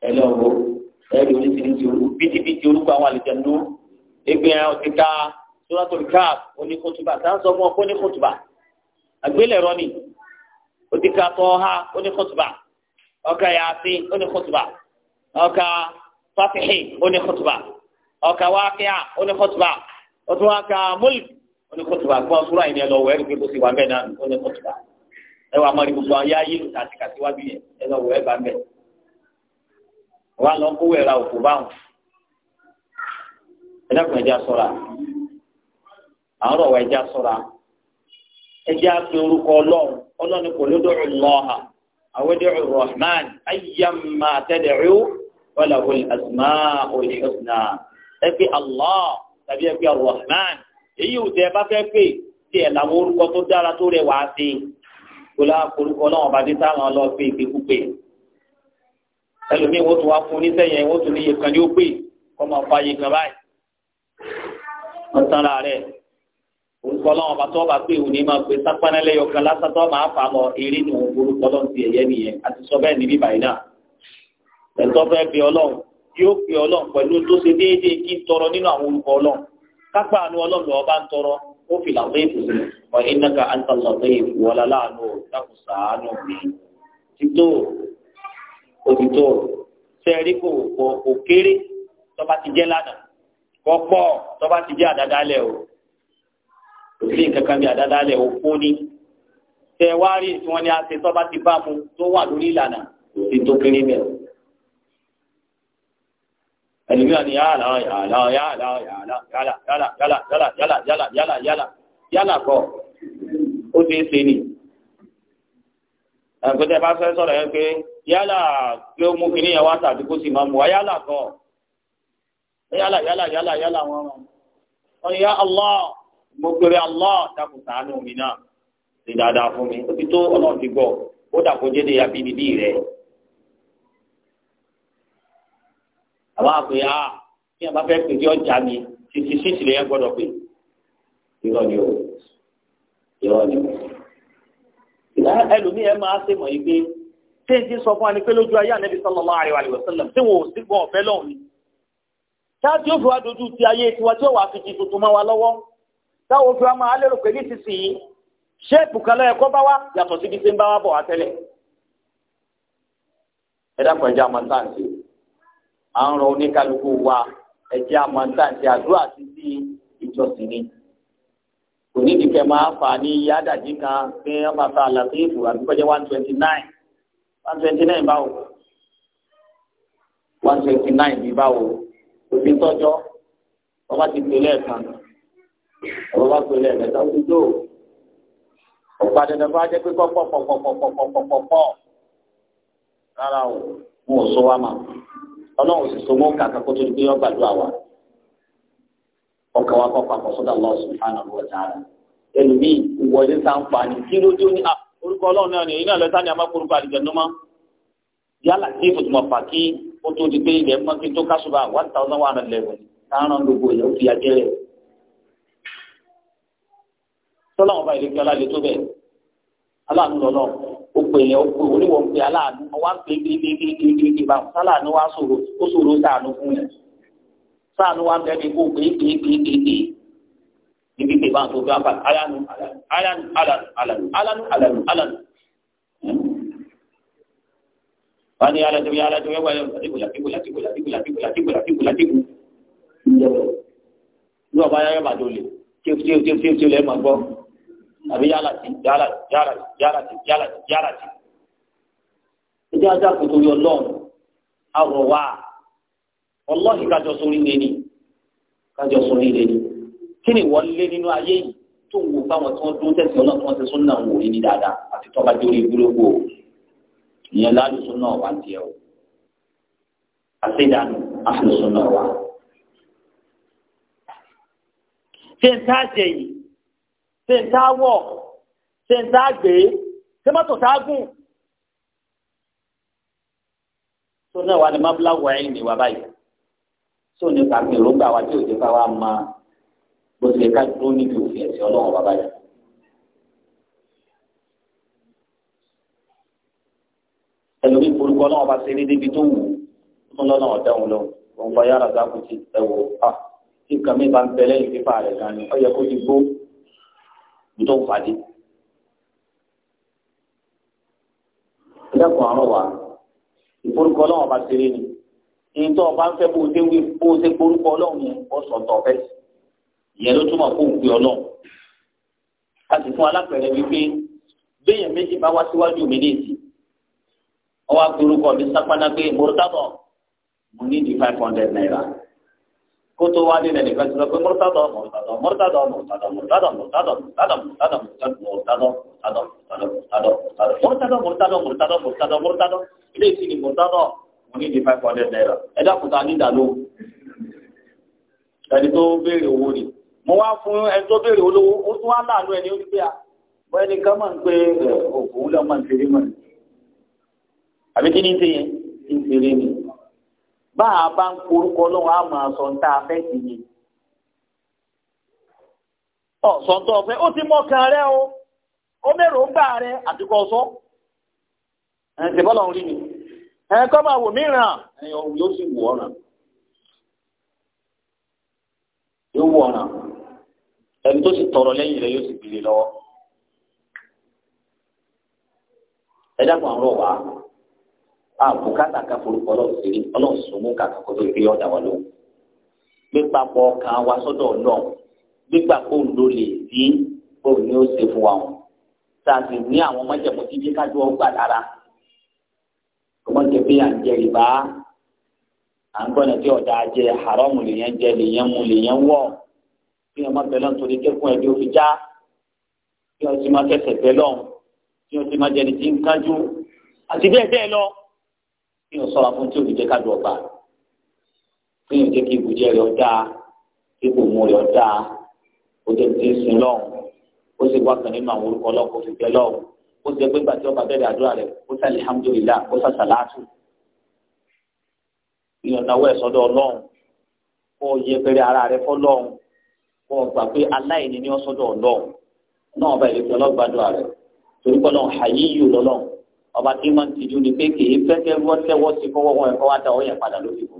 ẹ lọ wo ẹ lè oríṣiríṣi orú bítíbitì orúkọ àwọn àlejò ẹnu ẹgbẹ ọtí ká Suratul Kahf oníkótùbà tá à ń sọ fún ọ ọkà yasin ó ní kótóbà ọkà fatihi ó ní kótóbà ọkà wákìá ó ní kótóbà ó tún ọkà múlk ó ní kótóbà gbọ́n súra yìí ni ẹ lọ wọ ẹ̀rí pé kó sì wà bẹ́ẹ̀ náà ó ní kótóbà ẹ wà mọ́ni gbogbo ayé ayé lù tàbí kàtíwájú yẹn ẹ lọ wọ ẹ bá bẹ́ẹ̀ wà lọ kó wẹ̀ra òkú báwọn ẹ dákun ẹ já ṣọ́ra àárọ̀ wa ẹ já ṣọ́ra ẹ já pé orúkọ ọlọ́run ọlọ́run kò lódò ọlọ́ha awẹ́dẹ̀rù rahman ayyamma tẹ́dẹ̀rù wàlàwò asma olùṣọ́sùnà ẹ pé allah tàbí ẹ pé rahman èyí ò tẹ ẹ bá fẹ́ pé tí ẹ làwọn orúkọ tó dára tó rẹwà sí kólá korúkọ náà ọba dé táwọn lọ pé ìgbékúgbé ẹlòmíín wọ́n tún wá fún oníṣẹ́yẹn wọ́n tún ní iye kan ní ó pè kọ́ máa fa iye kan báyìí wọ́n tán láàárẹ̀ orúkọ lọ́wọ́ bá tọ́ bá pé òun ní máa pe sápánálẹ́ yọkan lásán tọ́ máa fà mọ́ eré nù orúkọ lọ́wọ́ ti ẹ̀yẹ nìyẹn àti sọ bẹ́ẹ̀ níbí báyìí náà ẹ̀tọ́ fẹ́ bí ọlọ́run yóò pe ọlọ́run pẹ̀lú tó ṣe déédéé kí n tọrọ nínú àwọn orúkọ ọlọ́run kápá àánú ọlọ́run lọ́wọ́ bá ń tọrọ ó fi làwọn èèyàn sílẹ̀ wọ́n iná kò sí nǹkan kan bí àdádálẹ̀ òfó ní tẹ wá rí tí wọ́n ní àṣẹ tọ́ba ti bá mu tó wà lórí ìlànà kò sí tó kéré bẹ́ẹ̀ ẹlòmíràn ni yàrá yàrá yàrá yàrá yàrá yàrá yàrá yàrá yàrá yàrá yàrá yàrá yàrá kọ ó ti ń ṣe ni ẹgbẹ́tẹ́ bá fẹ́ sọ̀rọ̀ yẹn pé yálà pé ó mú kínní yẹn wá tàbí kó sì máa mú wa yálà kọ yálà yálà yálà yálà wọn wọn yá Allah mo pèrè Allah dákun ṣàánú mi náà ṣe dáadáa fún mi ó ti tó ọlọ́run ti gbọ́ ó dà kó jẹ́dẹ̀ abínibí rẹ̀. àwa pè á ah, bí a bá fẹ́ pè kí ọjà mi títí sísì lè yẹn gbọ́dọ̀ pè irọ́ ni o irọ́ ni o. ìlà ẹlòmíì ẹ máa ṣe mọ̀ yìí pé téèjì sọ fún wa pé lójú ayé ànábi sallallahu alaihi wa sallam tí wọn ò sí gbọ́ ọ̀fẹ́ lọ́hùn ṣáàtì ó fi wá dojú ti ayé tiwa tí ó wàá fi di tuntun mọ́ wa lọ́wọ́ táwọn fi wá máa lérò pé nísinsìnyí ṣéèpù kan lọ́yẹ̀ kọ́ bá wá yàtọ̀ sí bí ṣe ń bá wá bọ̀ wá tẹ́lẹ̀. ẹ dákun ẹjẹ àmọ́tàǹtì à ń rọ oníkálukú wa ẹjẹ àmọ́tàǹtì àdúrà sí sí ìjọsìn ni kò ní ìdíkẹ́ máa fà ní yádàjì kan pé wọ́n máa ta àlàfé ìfò àbíkọ́jẹ́ one twenty nine one twenty nine báwo one twenty nine bí báwo òfin tọ́jọ́ wọ́n ti pè lẹ́ẹ̀kan ọ̀rọ̀ bá pèlè ẹ̀mẹ́ta ó ti tó ọ̀pá dandan bá jẹ́ pé pọ̀pọ̀pọ̀pọ̀pọ̀pọ̀pọ̀ rárá o mo ò so wa mà ọlọ́run sì so mọ́ kàkà kó tó di pé wọ́n gbàdúrà wa ọkàn wa kọ́ papọ̀ sọ́dọ̀ Allah subhanahu wa ta'ala ẹlòmíì ìwọlé sàǹfààní kí ló dé ó ní orúkọ ọlọ́run náà ni èyí náà lọ́sàn-án ni a máa korúkọ àdìjẹ́ ní ma yálà kí ìfòtùmọ̀ fà kí ó tó di pé ilẹ̀ mọ́kí tó kásùbà one thousand one hundred eleven táwọn gbogbo èèyàn fi àjẹrẹ̀ tọ́lá wọn bá ilé kí ọlá lè tó bẹ́ẹ̀ aláàánú lọ́lọ́ o pè yẹn o pè oníwọ̀n pè aláàánú ọwá pè kékékékékéké bá sálàánú wa sòrò ó sòrò sàánú fún yẹn sàánú wa bẹ́ẹ̀ ni kó pè kékékékéké ibi pè bá tó bá bá aláàánú aláàánú aláàánú aláàánú aláàánú aláàánú. wọ́n ní aláàánú yẹn aláàánú yẹn wáyé kíkúlà kíkúlà kíkúlà kíkúlà kíkúlà kíkúlà kíkúlà kíkúlà ní ọba yáyọ bàdó le tíw tíw tíw tíw tíw lẹ́ẹ̀ máa gbọ́ àbí yálà sí yálà yálà yálà sí yálà sí yálà sí. ìjọ ajá kò torí ọlọ́run àrò wa ọlọ́ọ̀hì kájọ sórí lé ní kájọ sórí lé ní kí ni wọ́n lé nínú ayé yìí tó ń wo báwọn tí wọ́n dún tẹ̀sí ọlọ́run tí wọ́n ti sún náà wò ní dáadáa àti tọ́ba jórí gbúlógbò ìyẹn lálùsùn náà wà tiẹ̀ o àṣẹdànù àlùsùn náà wà. ṣé ń tá a yìí? ṣe ń tá wọ̀ ṣe ń tá gbé ṣe mọ́tò tá gùn. tó náà wà ní mábúlá wà ẹ̀ ní wa báyìí tó ní kàmí ìrògbà wa tí òde bá wa ma bó ti lè ká dúró níbi òfin ẹ̀sìn ọlọ́run bàbá yìí. ẹlòmíì forúkọ náà bá ṣe débi tó wù ú tó lọ́nà ọ̀dá òun lọ òun bá yára sáà kùtì ẹ̀wò ah tí nǹkan mi bá ń bẹ lẹ́yìn fífa rẹ̀ gan ni ó yẹ kó ti gbó tó ń fàdé. ìdẹ́kun àárọ̀ wa ìforúkọ ọlọ́run ọba ṣeré ni ìyẹn tó ọba ń fẹ́ bó ṣe wí bó ṣe forúkọ ọlọ́run yẹn kó sọ̀tọ̀ ọ̀fẹ́ ìyẹn ló túmọ̀ kó ń pè ọlọ́run. a sì fún alápẹ̀rẹ̀ wípé béèyàn méjì bá wá síwájú mi ní ìsìn ọwọ́ àpérúkọ mi sápáná pé mo mo ní di five hundred naira kótó wá nílẹ̀ nìkan ti sọ pé mọ́tàdọ̀ mọ́tàdọ̀ mọ́tàdọ̀ mọ́tàdọ̀ mọ́tàdọ̀ mọ́tàdọ̀ mọ́tàdọ̀ mọ́tàdọ̀ mọ́tàdọ̀ mọ́tàdọ̀ mọ́tàdọ̀ mọ́tàdọ̀ mọ́tàdọ̀ mọ́tàdọ̀ mọ́tàdọ̀ mọ́tàdọ̀ ilé ìsìn ní mọ́tàdọ̀ mo ní di five hundred naira ẹ dákúta ní ìdàlú ẹni tó béèrè owó ni mo wá fún ẹni tó béèrè olówó ó tún wá láàánú ẹni onígbé à wọ́n ẹni kan máa ń pé òkú lọ́ọ́ máa ń ṣeré mọ́ àbí kí ni ń ṣe yẹn ń ṣeré ni baa bá ń korúkọ lọ́wọ́ á máa sọ afẹ́ sí i. ọ̀sọ̀ntọ́ ọ̀fẹ́ ó ti rẹ o ó mẹ́rọ ń rẹ àtikọ̀ sọ. ẹ̀ ṣe bọ́lá ń mi ẹ̀ kọ́ máa wò míràn ẹ̀ yóò sì ọ̀ràn. yóò ọ̀ràn ẹni tó sì tọrọ lẹ́yìn rẹ yóò sì lọ́wọ́. ẹ àbùkátà ká forúkọ ọlọ́run sílé ọlọ́run sùnmù kàkà kó tó fi ọ̀dà wa lóhùn gbígbà pọ̀ ọkàn wa sọ́dọ̀ ọlọ́run gbígbà pọ̀ ló lè sí bóun ni ó ṣe fún wa wọn tá a sì ní àwọn mọ́jẹ̀mú tí bí kájú ọgbà dára ọmọdé bí à ń jẹ ìbá à ń gbọ́dọ̀ tí ọ̀dà jẹ haramu lèyàn jẹ lèyàn mu lèyàn wọ̀ bí ọmọ bẹ̀rẹ̀ nítorí kẹ́kùn ẹ̀dí òfin já bí ọtí má kẹsẹ̀ bẹ́ẹ̀ lọ́hùn bí ọtí má jẹni tí ń kájú àti bẹ́ẹ̀ bẹ́ẹ̀ lọ kí n sọra fún tí òbí jẹ kájọ ọba kí n jẹ kí ibùjẹ rẹ ọdá kí kò mú rẹ ọdá ó jẹ ti sin lọ́hùn ó sì wá kan nínú àwọn orúkọ ọlọ́run kò fi bẹ lọ́hùn ó jẹ pé gbàtí ọba bẹ̀rẹ̀ àdúrà rẹ ó sà alhamdulillah ó sà sàlátù ìyọ̀nàwó ẹ̀ sọ́dọ̀ ọlọ́run kó yẹ pẹ̀lẹ́ ara rẹ fọlọ́run kó gbà pé aláìní ni ọ sọ́dọ̀ ọlọ́run náà ọba ìlẹ̀kùn ọlọ́gbàdúrà rẹ torí ọba tí wọ́n ti ju ni pé kì í fẹ́kẹ́ wọ́tẹ́wọ́ sí fọwọ́ wọn ẹ̀kọ́ wá da ọ yẹn padà ló fi bò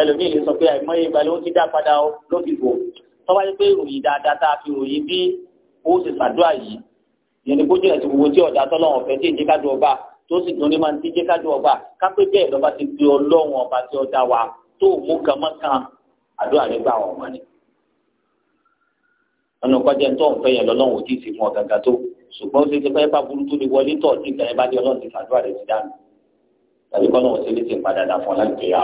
ẹlòmíì lè sọ pé àìmọye ìgbà ló ti dá padà ó ló fi bò tọ́wá yẹ pé ìròyìn dáadáa tá a fi ròyìn bí ó ṣe ṣàdúrà yìí yẹn ni bójú ẹ̀sìn gbogbo tí ọ̀dà tọ́lọ́wọ̀n ọ̀fẹ́ tí ìjẹ́ká du ọba tó sì dùn ní máa ń tí ìjẹ́ká du ọba kápé bẹ́ẹ̀ lọ́ba ti di ọlọ́run ọba tí ọ̀dà wa tó mú kan àdúrà rẹ̀ gbà wọ́n mọ́ ni. ọ̀nà kọjá tó ń fẹ́ yẹn lọ́lọ́run ò tí ì sí fún ọ̀gàgà tó ṣùgbọ́n ṣe ti fẹ́ bá burú tó wọlé tọ̀ sí ìgbà yẹn bá dé ọlọ́run ti fàdúrà rẹ̀ ti dànù tàbí kọ́ náà ṣe lè ti padà dà fún ọ láti kéya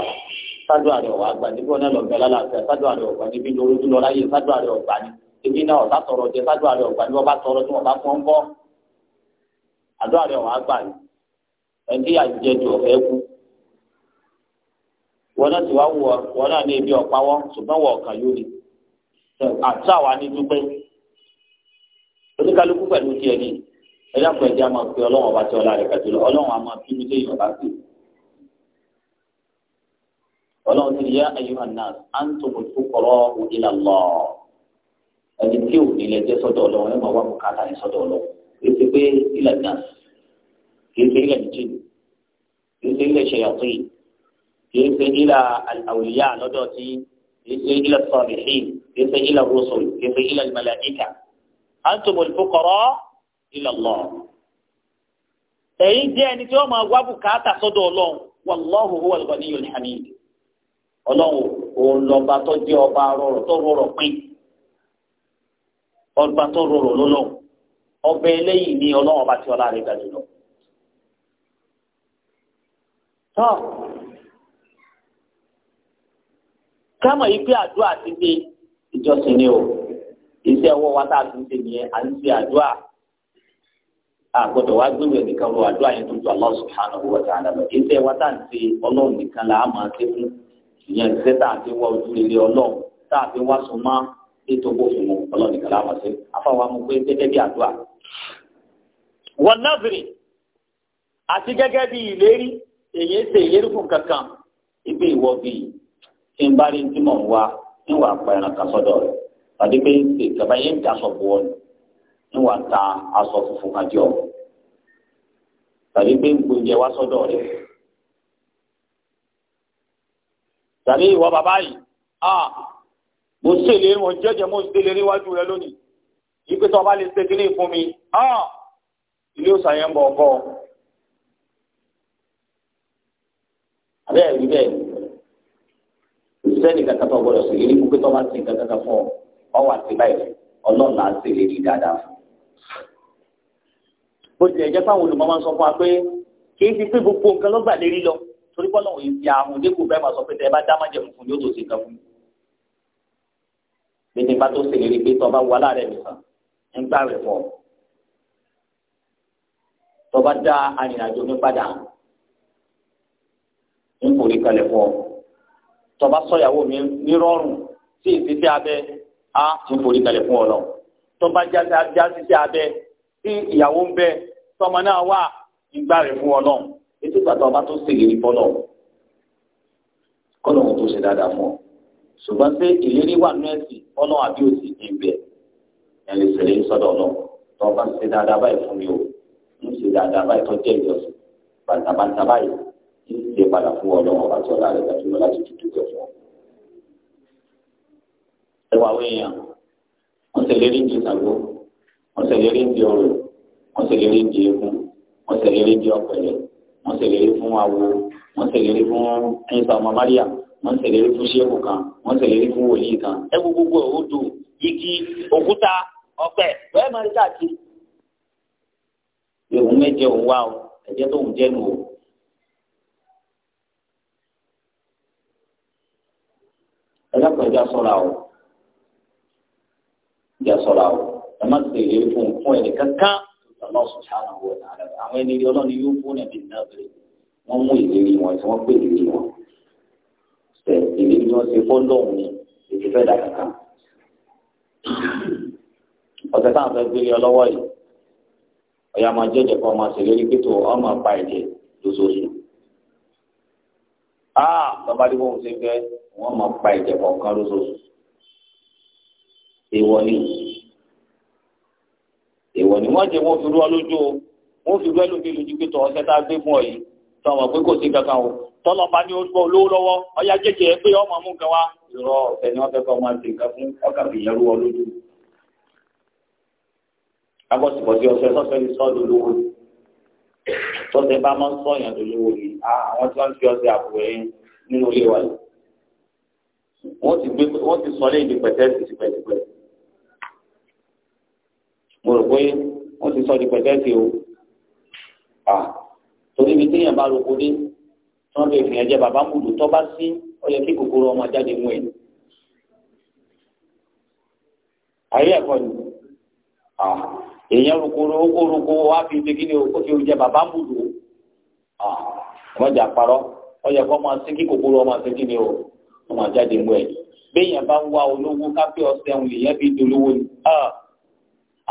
wọn. rẹ̀ ọ̀wá gbà níbi ọ̀nà lọ́gbẹ́ lálàáfíà fàdúrà rẹ̀ ọ̀gbà níbi lórí lọ láyé fàdúrà rẹ̀ ọ̀gbà ni ebi náà ọ̀tá tọrọ jẹ fàdúrà rẹ̀ ọ̀gbà ni wọ́n bá tọrọ tí wọ́n bá fọ́n bọ́. àdúrà rẹ̀ ọ̀wá kálukú pẹ̀lú tiẹ̀ ní ẹ̀dá pẹ̀lú ẹ̀dá máa pe ọlọ́run ọba tí ọlá rẹ̀ kàtó lọ ọlọ́run á máa fi mí léyìn ọba sí. ọlọ́run ti yá ayyuhan nas antumul fuqara'u ila Allah ẹni tí ò ní lẹ́jẹ́ sọ́dọ̀ ọlọ́run ẹ máa wá bùkátà ní sọ́dọ̀ ọlọ́run kì ṣe pé ilẹ̀ lọ́dọ̀ tí kì ṣe ilẹ̀ sọ̀rìṣì kì í ṣe ilẹ̀ rọ́sọ̀rì kì í ṣe ilẹ̀ màláíkà antumul fuqara ila Allah kọrọ jẹ́ ẹni tí wọ́n máa wá bùkátà sọ́dọ̀ ọlọ́run wallahu huwal ghaniyyul hamid ọlọ́run òun lọ́ba tó jẹ́ ọba tó rọrọ̀ ọba tó rọrọ̀ lọ́lọ́run ọba eléyìí ni ọlọ́run ọba o. iṣẹ́ ọwọ́ wa tá a tún ṣe nìyẹn à ń ṣe àdúrà àgbọ̀dọ̀ wa gbéwò ẹnìkan lọ àdúrà yẹn tó ju Allah subhanahu wa ta'ala lọ iṣẹ́ wa tá ṣe ọlọ́run nìkan là máa fún ìyẹn tá a fi ojú rere ọlọ́run tá a fi wá sùn mọ́ ètò gbòfin mu ọlọ́run nìkan tàbí pé ìjọba yẹn ń da aṣọ bọ̀ ọ́ ni wà á ta aṣọ funfun kan jọ tàbí pé gbòǹjẹ wá sọ́dọ̀ rẹ̀ tàbí ìwọ bàbá yìí a mo ṣèlérí wọn jẹjẹ mo ṣèlérí wájú rẹ lónìí ìpè tó o bá lè ṣe kíní fún mi a ilé òòsàn yẹn ń bọ̀ ọkọ abẹ́ẹ̀ rí bẹ́ẹ̀ sẹ́ni kankan tó gbọ́dọ̀ sí ilé ìpè tó bá ti kankan fún ọ. ọwọ́ àti báyìí ọlọ́run là ń dáadáa fún. bó fáwọn olùmọ̀ máa ń sọ fún wa pé kì í ti pé gbogbo nǹkan lọ́gbà lé rí lọ torí pọ́nà òye ti àwọn oníkù bẹ́ẹ̀ máa sọ pé tẹ́ bá dá májẹ̀mú fún yóò tó ṣe nǹkan fún bá tó ṣèlérí pé tọ́ bá wà ń gbà rẹ̀ tọ́ bá dá arìnrìnàjò mi padà ń kalẹ̀ a ti ń forí kalẹ̀ fún ọlọ́run tó bá já sísẹ́ abẹ tí ìyàwó ń bẹ tọmọ náà wà ìgbà rẹ̀ fún ọlọ́run etí gbàtọ́ ọba tó ṣèlérí fọlọ́ kọ́nà òun tó ṣe dáadáa fún ọ ṣùgbọ́n pé ìlérí wà nú ẹ̀sìn ọlọ́run àbí òsì ìbẹ̀ ẹ̀ lè ṣẹlẹ̀ sọ́dọ̀ ọlọ́run tó ọba ṣe dáadáa báyìí fún mi o ń ṣe dáadáa báyìí tó jẹ́ ìjọsìn bàtàbàtà báyìí ń ṣe padà fún ọlọ́run ọba tó rẹ̀ láti dúdú kẹfọ́ ẹwà àwọn èèyàn wọ́n sì lérí di ìsàgbó wọ́n sì lérí di ọ̀rọ̀ wọ́n sì lérí di egun wọ́n sì lérí di ọ̀pẹ̀lẹ̀ wọ́n sì lérí fún awo wọ́n sì lérí fún ẹ̀yìnsá ọmọ maria wọ́n sì lérí fún ṣéèkù kan wọ́n sì lérí fún wòlíì kan ẹ gbogbo ẹ̀ ó dùn igi òkúta ọ̀pẹ bẹ́ẹ̀ máa rí káàkiri ìhun méje òun wá o ẹ̀jẹ̀ tó ń jẹ́nu o. ẹ dákun ẹja sọ́ra o ìjà sọ̀rọ̀ àwọ̀ ẹ má ti lè fún fún ẹnì kankan Allah subhanahu wa ta'ala àwọn ẹni rí ọlọ́ni yóò fún ẹ̀mí náà bẹ̀rẹ̀ wọ́n mú ìlérí wọn tí wọ́n pè ìlérí wọn ṣe ìlérí wọn ṣe fọ́ lọ́hùn ni ètò fẹ́ dà kankan. ọ̀sẹ̀ táwọn fẹ́ gbélé ọlọ́wọ́ yìí ọ̀yà máa jẹ́jẹ̀ kan máa ṣe lórí pétò ọmọ apá ẹ̀jẹ̀ lóṣooṣù. a bàbá dìbò ń ṣe fẹ́ wọ́n máa pa ẹ̀jẹ̀ kọ̀ọ̀kan lóṣooṣù èèwọ̀ ni èèwọ̀ ni wọ́n jẹ́ wọ́n fi rú ọ lójú o wọ́n fi rú ẹlòmíì lójú pé tọ́ ọ̀sẹ̀ tá a gbé fún ọ yìí tọ́ ọmọ pé kò sí kankan o tọ́lọ̀ bá ní orúkọ olówó lọ́wọ́ ọyá jẹ́jẹ́ ẹ pé ọmọ mú kan wá ìrọ̀ ẹni wọ́n fẹ́ kọ́ máa ṣe nǹkan fún ọkà fi yẹn rú ọ lójú. agbọ́sibọ̀sí ọ̀sẹ̀ sọ́sẹ̀ ní sọ́ọ̀dù lówó tọ́sẹ̀ bá máa ń sọ̀yàn lówó yìí àwọn tí wọ́n fi ọ̀sẹ̀ àbúrò yẹn nínú ilé wa yìí wọ́n ti sọ lẹ́yìn pẹ̀tẹ́ẹ̀sì sí pẹ̀tẹ́pẹ̀tẹ́ mo rò wọ́n ti sọ di pẹ̀tẹ́ẹ̀sì o à torí ibi téèyàn bá roko dé tí wọ́n bàbá mùdù tọ́ bá sí kí kòkòrò ọmọ jáde mú ayé ẹ̀kọ́ ni èèyàn roko roko roko wá fi ṣe kí ni o fi bàbá mùdù parọ́ kó máa kí kòkòrò ọmọ ṣe kí ni o ọmọ jáde mú béèyàn bá ń wá olówó òun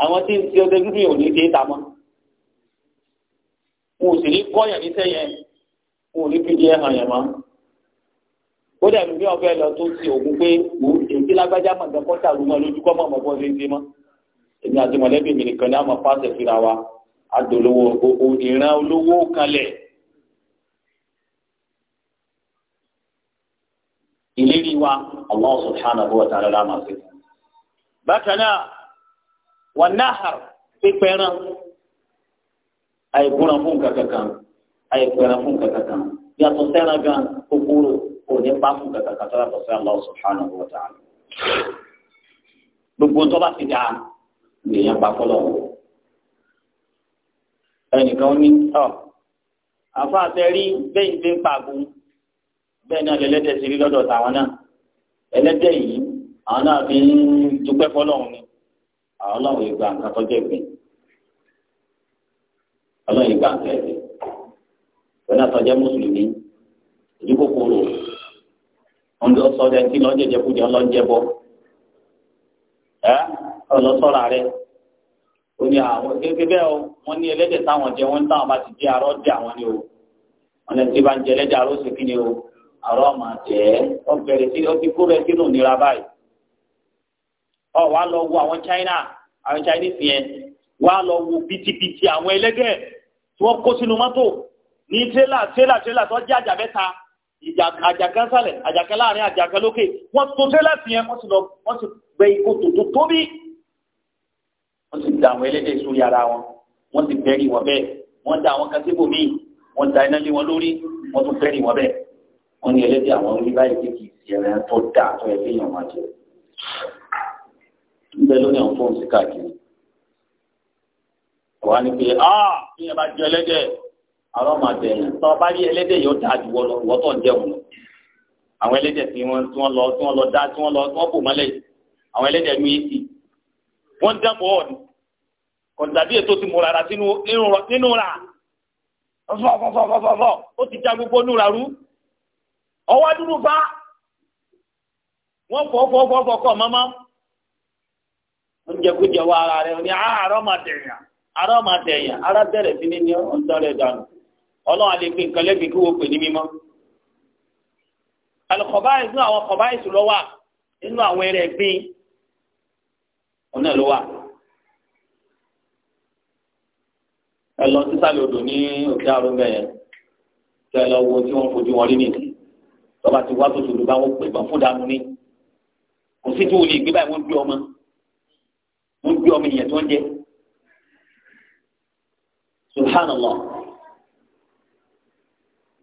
àwọn tí ń ti ọdẹ dúdú ò ní dé ta mọ́ wọn sì ní kọ́yàn níṣẹ́ yẹn wọn ní fi di ẹ̀ hàn yẹn mọ́ kódà mi bí wọn lọ tó ti ògùn pé mò èyí lágbájá mọ̀ nǹkan kọ́tà ló lójú kọ́ mọ̀ mọ́ bọ́ léde mọ́ èmi àti mọ̀lẹ́bí mi nìkan ní àmọ́ pàṣẹ fúnra wa adòlówó ìran olówó kanlẹ̀ ìlérí wa Allah subhanahu wa ta'ala máa ṣe. bákan náà wọn náhàr pípẹ́ràn àìkúràn fún kankan àìkúràn fún kankan yàtọ̀ sẹ́ran gan kúkúrú òní pa fún kankan tó yàtọ̀ sí Allah subhanahu wa ta'ala gbogbo tó bá ti dà lèèyàn pa fọlọ́ ẹnìkan ní ọ àfàtẹ́rí bẹ́ẹ̀ ń gbé pàgùn bẹ́ẹ̀ náà lẹ́lẹ́dẹ̀ẹ́ sí rí lọ́dọ̀ tàwọn náà ẹlẹ́dẹ̀ẹ́ yìí àwọn náà fi ń dúpẹ́ fọlọ́run ni àwọn ọlọ́run ìgbà nǹkan tọ́jú ẹ̀gbìn ọlọ́run ìgbà nǹkan ẹ̀gbìn pẹ̀lú àtọ́jẹ́ mùsùlùmí ìdí kòkòrò ọ̀dọ́ sọ́dẹ̀ tí lọ́jẹ̀jẹ̀ kújẹ́ ọlọ́jẹ̀bọ̀ ẹ́ ọlọ́sọ́ra rẹ̀ ó ní àwọn gẹ́gẹ́ bẹ́ẹ̀ o wọ́n ní ẹlẹ́dẹ̀ táwọn jẹ wọ́n táwọn bá ti jẹ́ arọ́ dé àwọn ni o wọ́n lẹ́nu tí bá ń jẹ ẹlẹ́dẹ̀ arọ́ sí kí ni o arọ́ máa ọ wa lọ wo àwọn China àwọn Chinese yẹn wa lọ wo bitibiti àwọn ẹlẹ́dẹ̀ tí wọ́n kó sínú mọ́tò ní tírélà tírélà tírélà tó jẹ́ àjà mẹ́ta àjàkẹ́ sálẹ̀ àjàkẹ́ láàrin àjàkẹ́ lókè wọ́n tó tírélà sí yẹn wọ́n sì lọ wọ́n sì gbẹ ikú tó tóbi wọ́n sì da àwọn ẹlẹ́dẹ̀ sórí ara wọn wọ́n sì bẹ́ẹ̀rì wọn bẹ́ẹ̀ wọ́n da àwọn kan síbò míì da iná lé wọn lórí wọ́n tún bẹ́ẹ̀rì wọn bẹ́ẹ̀ wọ́n ní ẹlẹ́dẹ̀ àwọn orí báyìí kì í ṣe ẹran tó dáa tó ẹ níbẹ̀ ló ní àwọn fóònù sí káàkiri. wà á ní pé a ah, kí yẹn bá jẹ ẹlẹ́dẹ̀ àwọn ọmọ àgbẹ̀ yẹn tọ́ bá rí ẹlẹ́dẹ̀ yóò dáa ju wọ́tọ̀ jẹun lọ. àwọn ẹlẹ́dẹ̀ tí wọ́n tí wọ́n lọ tí wọ́n lọ dá tí wọ́n lọ tí wọ́n bò mọ́lẹ̀ àwọn ẹlẹ́dẹ̀ nu yìí wọ́n dẹ́kọ̀ ọ̀dù kọ̀ǹdàbí ètò ti múra rà sínú nínú rà fọfọfọfọfọ ó ti já gbogbo nù rà rú ọwọ́ dúró fa wọ́n fọ́ fọ́ fọ́ fọ́ kọ́ mọ́mọ́ oúnjẹ kó jẹ wá ara rẹ ní ah, àárọ̀ máa dẹ̀yà àárọ̀ máa dẹ̀yà ara bẹ̀rẹ̀ sí ní ní ọ̀sán rẹ dànù ọlọ́run àlè pé nǹkan lẹ́bi kí wọ́n pè ní mímọ́. alùkọ̀bá inú àwọn kọ̀bá ìsù lọ wà nínú àwọn eré gbin òun náà ló wà. ẹ lọ sísàlẹ̀ odò ní òkè àrùn bẹ́ẹ̀ kẹ lọ wo tí wọ́n fojú wọn rí nìyí tọ́ba ti wá tó tòlù bá wọn pè bọ́n fún dànù ni kò sí tí wọ́n lè gbé báyìí wọ́n gbé ọmọ wọ́n gbé ọmọ ènìyàn tí wọ́n jẹ́ subhanallah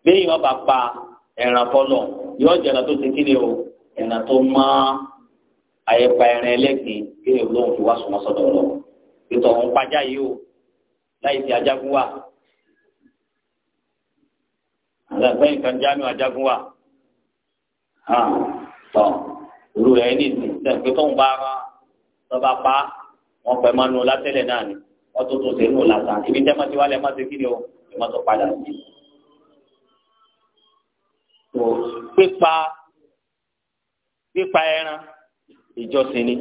bẹ́ẹ̀ yìí wọ́n bá pa ẹ̀ràn fọlọ̀ yóò jẹ́ ẹ̀ràn tó ṣe kí ni o ẹ̀ràn tó mọ́ àyẹ̀pà ẹ̀ràn ẹlẹ́gbẹ̀ẹ́ kí ni fi wá sọmọ sọ́dọ̀ ọ̀rọ̀ ètò ọ̀hún pàjá yìí o láì sí ajagun wa àgbẹ̀yìn kan jánu ajagun wa tọ̀ òru rẹ̀ ní ìsìn tẹ̀ pé tóun bá rán tọ́ pa á wọ́n pẹ́ máa nu látẹ́lẹ̀ náà ni wọ́n tó tó sẹ́nu làtà ibi tẹ́ máa ti wálé máa ti kí ni o ẹ máa tó padà sí. tó pípa pípa ẹran ìjọsìn ni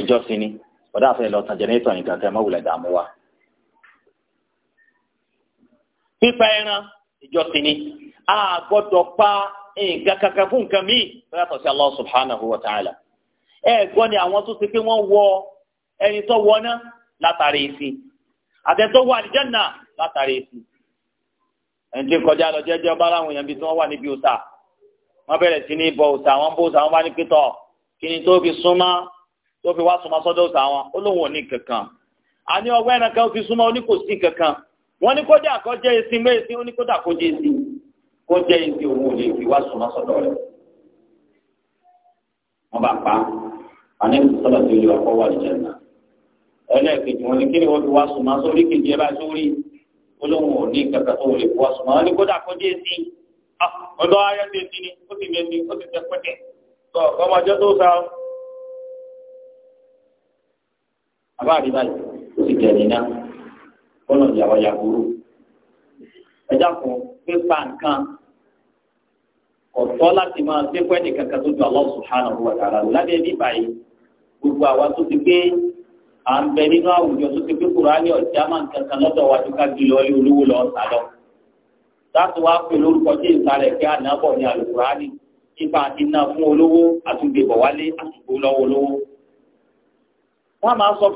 ìjọsìn ni ọ̀dà àfẹ́ lọ tàn jẹ́nẹ́tọ̀ nìkan kẹ́ ẹ má wulẹ̀ dààmú wa. pípa ẹran ìjọsìn ni a gbọ́dọ̀ pa nǹkan kankan fún nǹkan míì lọ́yàtọ̀ sí Allah subhanahu wa ta'ala. ẹ ni àwọn tó ṣe pé wọ́n wọ ẹni tó wọ náà látàrí ìsìn àtẹ̀tọ́ wọ àlìjẹ́nà látàrí ìsìn ẹni tí kọjá lọ jẹ́jẹ́ ọba láwọn èèyàn bíi tí wọ́n wà níbi bo wọ́n bẹ̀rẹ̀ sí ní bọ òòṣà bó bá ní ni tó fi súnmọ́ tó fi wá súnmọ́ sọ́dọ̀ òòṣà wọn ó lóun ò ní kankan àní ọwọ́ ẹran kan fi súnmọ́ kankan wọ́n ní kódà kọjá èsì mé èsì oníkódà kọjá èsì kọjá èsì òun ò lè fi wọ́n bá pa àníbi sọ́dọ̀ tó yẹ ọkọ̀ wà lẹ́jẹ̀ náà ẹlẹ́ẹ̀kejì wọn ni kí ni wọ́n fi wá sùnmọ́ sórí kejì ẹ bá sórí olóhùn òní kàkà tó lè fi wá sùnmọ́ wọn ni kódà kó dé sí ah, ọ̀dọ́ ayé dé sí ni ó ti lé ní ó ti tẹ pẹ́tẹ́ tó ọmọdé tó sá ọ. àbá àdìbà yìí ó sì tẹ̀ nínà kọ́nà ìyàwó yàgòrò ẹ̀dá kan pé pa nǹkan ọ̀tọ́ láti máa ṣe fún ẹnìkan kan tó ju Allah subhanahu gbogbo àwa tó ti gbé à ń bẹ nínú àwùjọ tó ti gbé máa ń kankan lọ́dọ̀ wa tó ká olówó lọ lọ. láti wá pè lórúkọ tí ìta rẹ̀ kí ànábọ̀ ní nípa fún olówó wálé àtúgbò lọ́wọ́ olówó. wọ́n máa sọ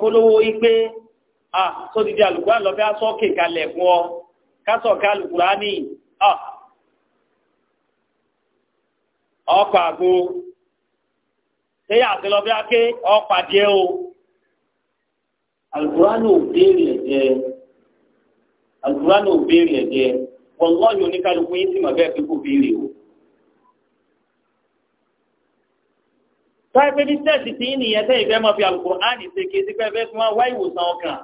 pé ọkọ̀ àgbo sẹ́yà àti lọ́bí aké ọkọ̀ àdìẹ o. alukurani ò béèrè ẹ̀jẹ̀ alukurani ò béèrè ẹ̀jẹ̀ wọn lọ́yọ̀ oníkálukú yín sì mà bẹ́ẹ̀ fi kò béèrè o. táìpé ní sẹ́ẹ̀sì tí nìyẹn sẹ́yìn fẹ́ máa fi alukurani ṣe kí ẹsẹ̀ pẹ́ẹ́ fẹ́ fún wa wá ìwòsàn ọkàn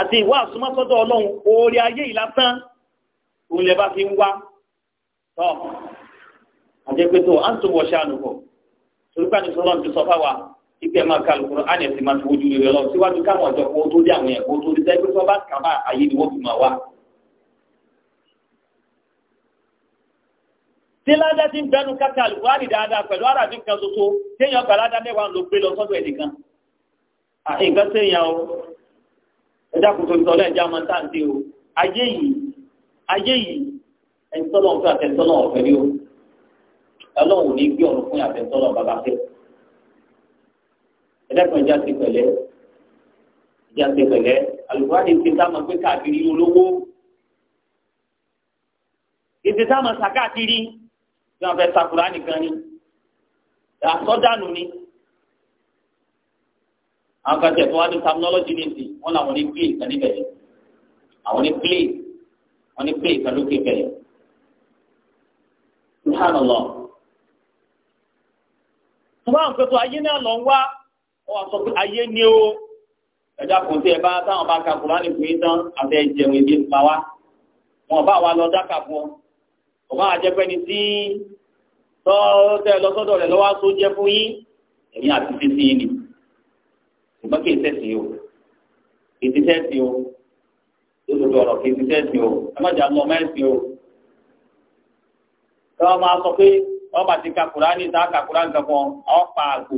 àti ìwà àsomásọ́dọ̀ ọlọ́run oore ayé ìlàsán òun lè bá fi ń wá tọ́ àjẹpẹtọ àǹtọwọ ṣàánùkọ torípa ní sọlọ ti sọ fáwa ibi ẹ máa ka lùkùrọ àná ẹsẹ máa ti wojú rẹ lọ síwájú káwọn ọjọ́ kó tó dé àwọn yẹn kó tó dé sẹgbẹ tó bá kà máa ayé ni wọn fi máa wá. tíláńdá ti ń bẹnu káka lùkùrọ àná dáadáa pẹ̀lú ara mi kan soso téèyàn gbàládá mẹ́wàá ló gbé lọ sọ́dọ̀ ẹnìkan. nǹkan téèyàn o ẹja kòtò ìtọ́lẹ̀ ẹja máa ń o ayé yìí ayé yìí ẹ̀ ọlọ́run ò ní gbé ọ̀run fún yàtọ̀ tọ́lọ̀ bàbá fẹ́. ẹlẹ́kùn ẹja ti pẹ̀lẹ́ ẹja ti pẹ̀lẹ́ alùpùpù àti ìpín tá a máa gbé káàkiri olówó ìpín tá a máa sàkáàkiri bí wọn fẹ́ sakura nìkan ni àsọdánù ni àwọn kan tẹ̀ tó wá ní terminology ní ti wọn làwọn ní play kan níbẹ̀ àwọn ní play wọn ní play kan lókè bẹ̀rẹ̀ ṣùgbọ́n àwọn pẹ̀tọ́ ayé náà lọ ń wá ọ wà sọ pé ayé ni o ẹ̀dá kò tẹ́ ẹ bá táwọn bá ka kùránì fún yín tán àti ẹ̀jẹ̀wò ìdí pa wá wọn bá wa lọ dáka fún ọ ọba àjẹpẹ́ni tí tọ́tẹ́ lọ́sọ́dọ̀ rẹ̀ lọ́wọ́ tó jẹ́ fún yín ẹ̀yìn àti sísìn yín ni ṣùgbọ́n kì í sẹ́sìn o kì í sẹ́sìn o lóṣooṣù ọ̀rọ̀ kì í sẹ́sìn o ẹ má jà lọ mẹ́sìn o káwọn máa sọ pé ọba ti ka Kùránì tá a ka Kùránì kankan ọ̀pá àgbò.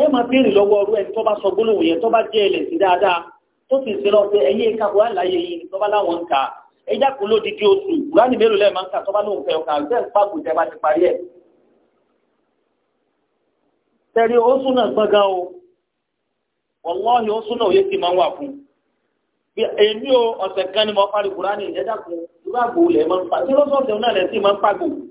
ẹ máa béèrè lọ́wọ́ ọrú ẹni tó bá sọ gbólóhùn yẹn tó bá jẹ́ ẹlẹ̀ sí dáadáa tó sì ṣe lọ́ọ́ pé ẹ̀yẹ́ ká Kùránì láyé yìí tó bá láwọn ń kà ẹ jákòó ló didi oṣù Kùránì mélòó lẹ́ẹ̀ máa ń kà tó bá lóun fẹ́ ọkà bẹ́ẹ̀ ń pàgò tẹ́ bá ti parí ẹ̀. tẹ̀rí oṣù náà gbọ́ngàn o wọ́n yóò súnà òye ti máa ń wà fún bí èmi o ọ̀sẹ̀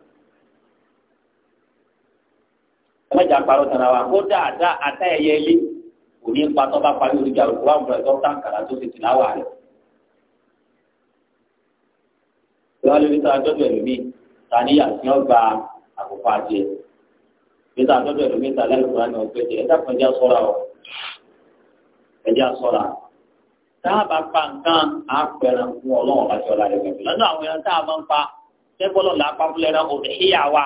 mẹ́jà parọ́ tara wa kó dáadáa ata ẹ̀yẹ ilé kò ní pa tó bá parí orí jàrú wà mọ̀ ẹ̀tọ́ tàǹkàrà tó ti tìlá wà rẹ̀. ìwà lórí tá a dọ́dọ̀ ẹ̀lómi ta ní yàtí wọn gba àkókò àti ẹ̀ bí tá a dọ́dọ̀ ẹ̀lómi ta lẹ́nu kúrò ní ọgbẹ́ ẹ̀ dákun ẹ̀já sọ́ra ọ̀ ẹ̀já sọ́ra táàbà pa nǹkan àpẹẹrẹ fún ọlọ́run láti ọ̀la rẹ̀ gbẹ̀gbẹ̀ lọ́dọ̀ àwọn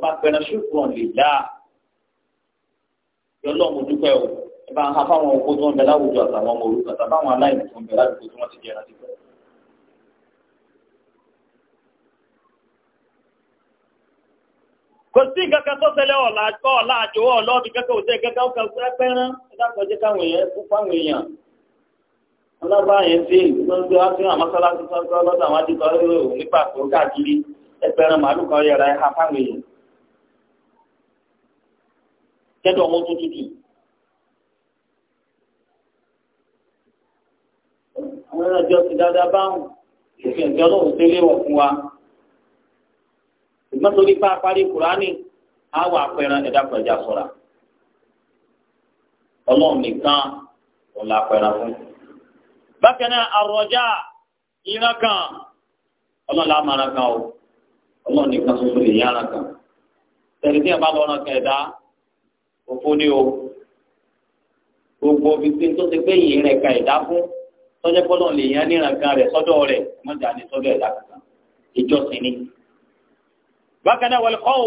ọba pẹ̀lú ṣùgbọ́n lè dá yọ lọ́ọ̀ mo dúpẹ́ o ẹ bá ń ha fáwọn owó tó ń bẹ láwùjọ àtàwọn ọmọ òrukàn àtàwọn aláìní tó ń bẹ láwùjọ tí wọ́n ti jẹ́ láti kò sí kankan tó ọ̀la kọ́ ọ̀la kankan ò kankan ó pẹ́rán káwọn èèyàn kú fáwọn èèyàn. yẹn àmọ́sálásí kẹ́dọ̀ wọn tuntun tutù. àwọn ìrìnàjò ti dáadáa báwọn òfin ẹ̀sìn ọlọ́run fún wa. ìgbọ́n torí pa parí kùránì á wà pẹ̀rẹ̀ ẹ̀dàpẹ̀jà sọ̀ra. ọlọ́run nìkan òun pẹ̀rẹ̀ fún. bákan náà àròjà ìran kan ọlọ́run la máa kan o ọlọ́run nìkan lè kan. tẹ̀lé tí ẹ bá lọ́ọ́ òfò ni o gbogbo fífi tó ti pé yìí rẹ̀ ka ìdá fún sọ́jẹ́ pọ́lọ́ lè yan nírankan rẹ̀ sọ́dọ̀ rẹ̀ mọ́jà ní sọ́dọ̀ ẹ̀dá kankan ìjọsìn ni. bákan náà wọlé kọ́ o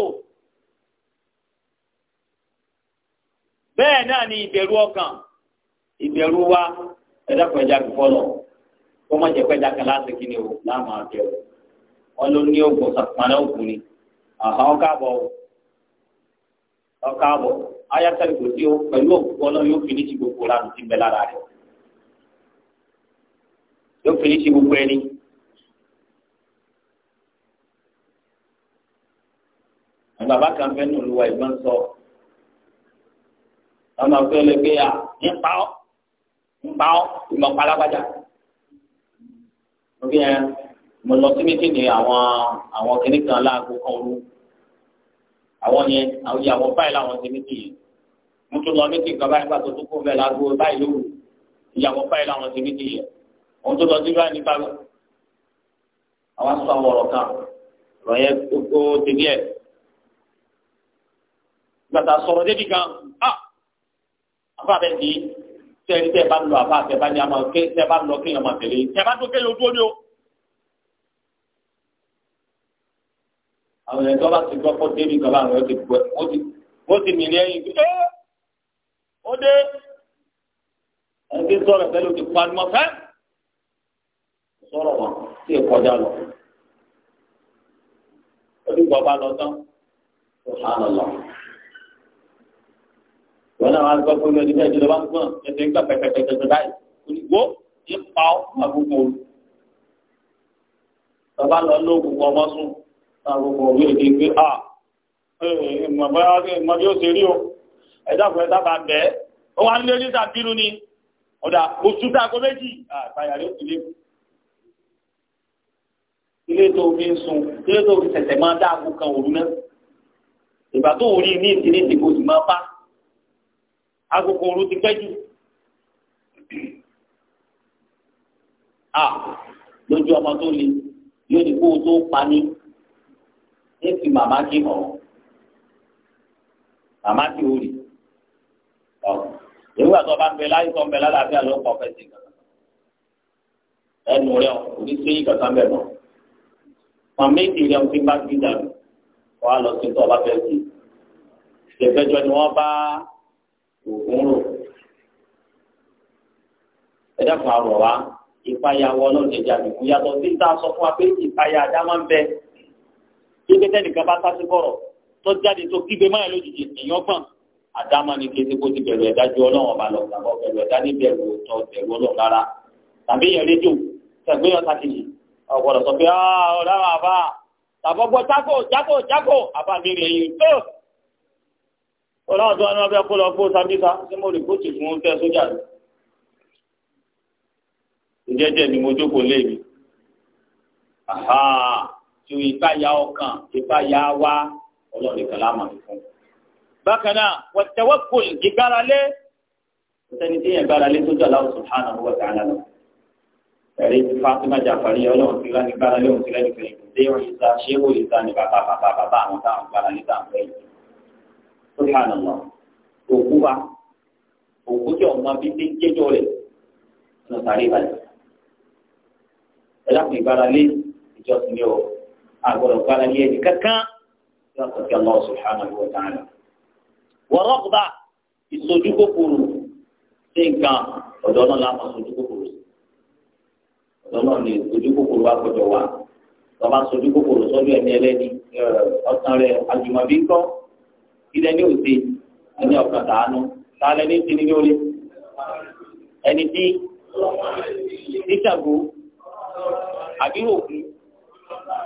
bẹ́ẹ̀ náà ni ìbẹ̀rù ọkàn ìbẹ̀rù wa ẹ̀dá kan ẹja fífọ́ lọ kó má jẹ́ pé ẹja kan láti kíni o láàmú àbẹ̀wò wọn ló ní oògùn sàpàlà ògùn ni àwọn káàbọ̀ ọ̀káàbọ̀ ayatollah kò sí o pẹ̀lú òkú ọlọ́run yóò finisi gbogbo lánàá ti bẹ lára rẹ̀ yóò finisi gbogbo ẹni. bàbá kan fẹ́ nù lùwà ìgbọ́n sọ ọmọ fẹ́ lè gbé yà ní pa ọ́ ń pa ọ́ ìmọ̀ palábàjá mo fi hàn mo lọ sí mi ti ní àwọn àwọn kìnnìkan láago kan olú àwọn yẹn àwọn yẹn àwọn báyìí làwọn ti mítì yẹn mo tún lọ mítì nǹkan báyìí pàtó tó kó bẹ́ẹ̀ lágbo báyìí lóru ìyàwó báyìí làwọn ti mítì yẹn òun tó lọ sí báyìí nípa àwọn aṣọ àwọn ọ̀rọ̀ kan ọ̀rọ̀ yẹn ó ti bí ẹ̀ gbàtà sọ̀rọ̀ débi kan àfa bẹ́ẹ̀ ni tẹ́ tẹ́ bá lọ àfa tẹ́ bá ní àmọ́ tẹ́ bá lọ kéèyàn máa tẹ̀lé tẹ́ bá tó kéèyàn dúró ní o. àwọn ẹ̀tọ́ bá ti gbọ́ kó débi kan láàrin ó ti gbọ́ ó ti mì lẹ́yìn bí ẹ́ ó dé ẹni sọ̀rọ̀ pẹ̀lú ti palmọ́ fẹ́ sọ̀rọ̀ wọn tí ì kọjá lọ ó ti gbọ́ bá lọ tán ó hàn án lọ. wọn náà wọn gbọ́ pé ní ẹni ìjọba bá ń gbọ́n ẹsẹ̀ ń gbà pẹ̀pẹ̀pẹ̀pẹ̀ báyìí onígbó ní pa ọ́ fún àgbègbè bàbá lọ lóògùn ọmọ sùn àgbogbo ọ̀gbẹ́ èdè pé à mọ̀ bí ó ṣe rí o ẹ̀dàpọ̀ ẹ̀dàpọ̀ àbẹ́ ó wá nílé ní ìtàbínú ni ọ̀dà oṣù tá a kọ méjì àtàyà ló ti lé ilé tó fi ń sun ilé tó fi tẹ̀tẹ̀ máa dá àgbo kan òru náà ìgbà tó wò ní ní ìdílé ìdìbò sì máa bá agogo òru ti pẹ́ jù à lójú ọmọ tó le yóò ní kó o tó pa ní èsì mama kì mọ̀ ọ́ màmá kì ó rì ọ́ èwú àtọ́ bá ń bẹ láyé tó ń bẹ lálàáfíà ló ń kọ́ fẹ́ sí nǹkan ẹnu rẹ oníṣẹ́ yìí kankan bẹ̀ mọ́ wọn méjì rẹ ń fi bá gbé dànù wọn á lọ sí tó ọba fẹ́ sí ìṣèfẹ́jọ ni wọ́n bá òògùn rò ẹ dẹ́kun àrò wa ìpayà wọn náà lè jà nìkú yàtọ̀ sí ìta sọ fún wa pé ìpayà àdá máa ń pé tẹ́nìkan bá sásí bọ̀rọ̀ tó jáde tó kígbe máyà lójijì èèyàn gbọ̀n àdámọ́ ni kété kó ti bẹ̀rù ẹ̀dá ju ọlọ́run ọba lọ gbàgbọ́ bẹ̀rù ẹ̀dá ní bẹ̀rù ọ̀tọ̀ bẹ̀rù ọlọ́run rárá tàbí èèyàn rédíò tẹ̀gbé yọ sákìlì ọ̀gbọ̀dọ̀ sọ pé ah, ọ̀rá àbá tàbọ̀gbọ̀ jákò jákò jákò àbá mi rè yìí tó ọlọ́run tó wọn bẹ kó lọ fún sábísà tí mo rí kó tì fún tẹ sójà rẹ ìjẹ́jẹ́ ni mo jókòó lé mi ju ìpayà ọkàn ìpayà wa ọlọ́ọ̀lì kan láàmà fún. bákan náà wàtẹ́wọ́kùn ìgbáralé sẹ́ni tí yẹn gbáralé tó jọ Allah subhanahu wa ta'ala lọ. ẹ̀rí Fatima Jafari ọlọ́run ti rán ní gbáralé òun ti rán ní fẹ̀yìn kò dé òyìnbá ṣé òyìnbá ni bàbá bàbá bàbá àwọn táwọn gbáralé táwọn fẹ̀yìn. subhanallah òkú wa òkú tí ọmọ bíbí jẹjọ rẹ lọ sáré balẹ̀. ẹ dákun ìgbáralé àgbọ̀dọ̀ gbára lé ẹni kankan yàtọ̀ sí Allah subhanahu wa ta'ala. wọ́rọ́gbà ìsojú kòkòrò sí nǹkan ọ̀dọ́ náà láwọn sojú kòkòrò sí. ọ̀dọ́ náà lè sojú kòkòrò wá gbọ́dọ̀ wá. bàbá sojú kòkòrò sọ́dọ̀ ẹni ẹlẹ́ni ọ̀sán rẹ̀ àjùmọ̀bí kọ́ ilẹ̀ ní òde ẹni ọ̀kan tàánú tààlẹ́ ní tìǹbì ó lé ẹni tí tíṣàgó àbí òkú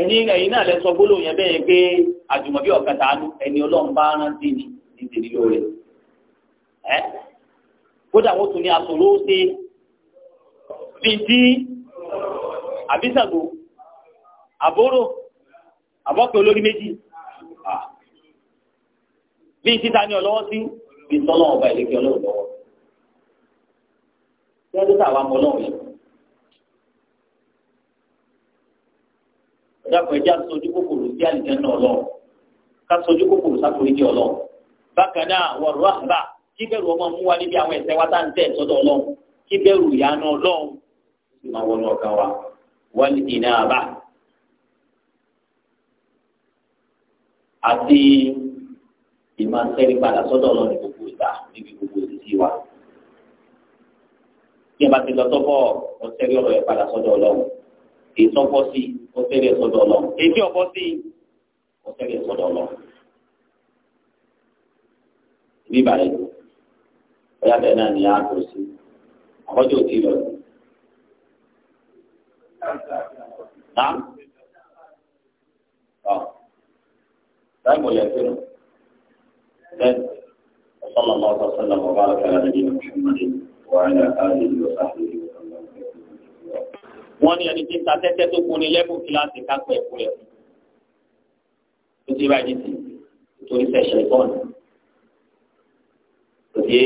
ẹni ẹ̀yin náà lẹ sọ gbólóhùn yẹn bẹ́ẹ̀ pé àjùmọ̀bí ẹni ọlọ́run bá rántí ni ìdè nílò rẹ̀ ẹ́ kódà tún ní àsòro ṣe bíi tí àbísàgbò àbórò àbọ́pẹ̀ olórí méjì bíi títa ní ọlọ́wọ́ sí dàpọ̀ ẹja sojú kòkòrò sí àlìjẹ́nà ọlọ́run ká sojú kòkòrò sáforíjì ọlọ́run bákan náà wọ̀rọ̀ àbá kí bẹ̀rù ọmọ mú wa níbi àwọn ẹ̀ṣẹ̀ wa tá ń tẹ̀ sọ́dọ̀ ọlọ́run kí bẹ̀rù ìyanu ọlọ́run sì máa wọnú ọ̀gá wa wọ́n ìná àbá àti ìmọ̀sẹ́rí padà sọ́dọ̀ ọlọ́run ní gbogbo ìgbà níbi gbogbo ìsísí wa bí ẹ bá ti lọ tọ́kọ̀ ọ̀sẹ́rí ọ̀rọ̀ yẹn padà sọ́dọ̀ ọlọ́run ó tẹ̀lé lọ etí ọ̀bọ sí ó tẹ̀lé sọ́dọ̀ lọ. ibi ìbàlẹ̀ ọ̀yá bẹ́ẹ̀ náà ni a kò sí àkọ́jọ́ òtí lọ. Tá? Ọ̀ táìmù yẹn fẹ́ lọ. وصلى الله وسلم وبارك على نبينا محمد وعلى اله وصحبه وسلم wọ́n ní ẹni tí ń ta tẹ́tẹ́ tó kún ní lẹ́bùn kíláàsì kápẹ ẹkú rẹ tó ti bá yìí sí nítorí sẹṣẹ bọọlù òde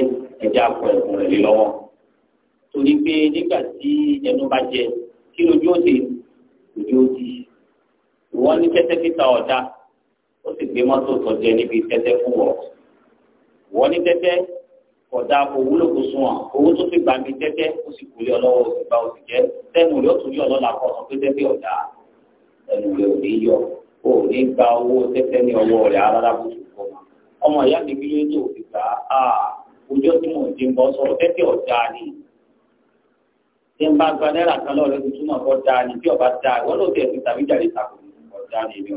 ẹjẹ akọ ẹkú rẹ lé lọ́wọ́ torí pé nígbà tí ẹnu bá jẹ kí lójú òde lójú òde wọ́n ní tẹ́tẹ́ títa ọdá ó sì gbé mọ́tò tó níbi tẹ́tẹ́ fún wọn wọ́n ní tẹ́tẹ́ kọjá kò wúlò kó sún wọn owó tó fi gbàgbé tẹ́tẹ́ ó sì kúlẹ̀ ọlọ́wọ́ òsì gba òsì jẹ́ tẹ́nu rẹ̀ ó tún yọ lọ́la kọ́ sọ pé tẹ́tẹ́ ọ̀dà ẹnu rẹ̀ ò ní yọ kó ní gba owó tẹ́tẹ́ ní ọwọ́ rẹ̀ alára kó tún kọ́ ma ọmọ ìyá mi bílé tó fi gbà á ọjọ́ tí mò ń bọ́ sọ̀rọ̀ tẹ́tẹ́ ọ̀dà ni tí n bá gba náírà kan lọ́ọ̀rẹ́ tuntun náà kọ́ da ni bí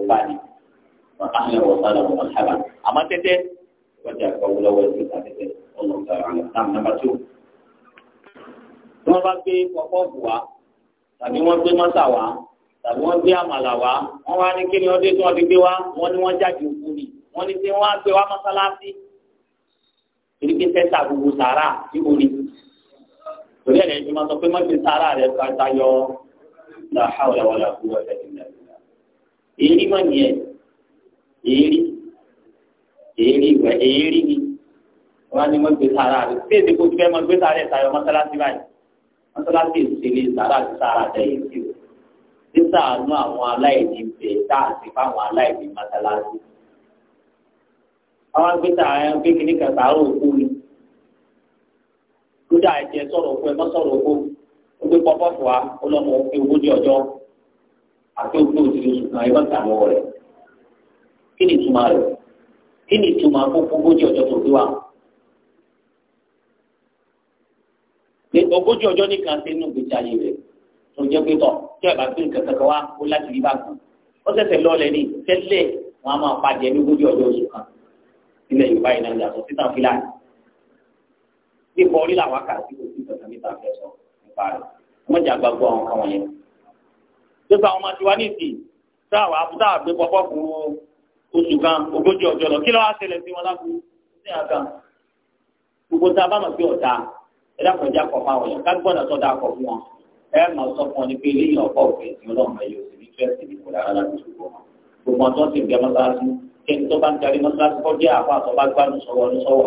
ọba da ìwọ́n وأهلا وسهلا ومرحبا أما تتي وجاء قول أول كتابة الله تعالى أعلم نعم نمبر 2 wọ́n bá gbé kọ́kọ́ bù wá tàbí wọ́n gbé mọ́sà wá tàbí wọ́n gbé àmàlà wá wọ́n wá ní kíni ọdún tí wọ́n ti gbé wá wọ́n ní wọ́n jáde òkú ni wọ́n ní tí wọ́n á gbé wá mọ́sálásí torí pé gbogbo sàárà síbo ni torí ẹ̀rẹ́ èérí èérí ìwẹ̀ èérí ni wọ́n á ní gbé sára rẹ̀ sí èdè kó fẹ́ wọ́n gbé sára rẹ̀ sáyọ mọ́sálásí báyìí mọ́sálásí sára sára o àwọn aláìní aláìní àwọn gbé kan òkú ni kódà òkú òkú gbé fún wa ó òkú àti òkú ìtumọ̀ rẹ̀ kí ni ìtumọ̀ àkókò ogójì ọjọ́ tó gbé wa. ní ogójì ọjọ́ nìkan ṣe inú gbèsè ayé rẹ̀ tó jẹ́ pé tọ̀ tí ọ̀bá gbé nǹkan kankan wá ó láti rí bá kú ó ṣẹ̀ṣẹ̀ lọ́ọ̀lẹ̀ ní tẹ́lẹ̀ wọn a máa pàdé ní ogójì ọjọ́ oṣù kan ilẹ̀ Yorùbá yìí náà yàtọ̀ títà fílàní ipò orí làwọn kà sí òsì kankan níta fẹ́ sọ nípa rẹ̀ wọ́n jà gbàgbọ́ àwọn kan wọ̀nyẹn. pípa àwọn ọmọ tiwa ní ìsìn táwọn àbútá àgbẹ̀pọ̀ fọ́ọ̀kùn oṣù kan ogójì ọjọ́ lọ kí ló wá ṣẹlẹ̀ sí wọn lágbo ní àga gbogbo tá a bá mọ̀ pé ọ̀tá ẹ dákun ẹja kọ̀ fáwọn yẹn ká gbọ́dọ̀ tó dáa kọ̀ fún wọn ẹ máa sọ fún ọ ní pé lẹ́yìn ọ̀pọ̀ òfin ẹ̀sìn ọlọ́run ẹ̀yọ òsì ní tẹ́sí ní kò dára láti ṣùgbọ́n gbogbo ọ̀tọ́ sì ń bẹ mọ́sáàsì kẹ́ni tó bá ń darí mọ́sáàsì kọ́ jẹ́ àpá àtọ́bá gbádùn sọ̀rọ̀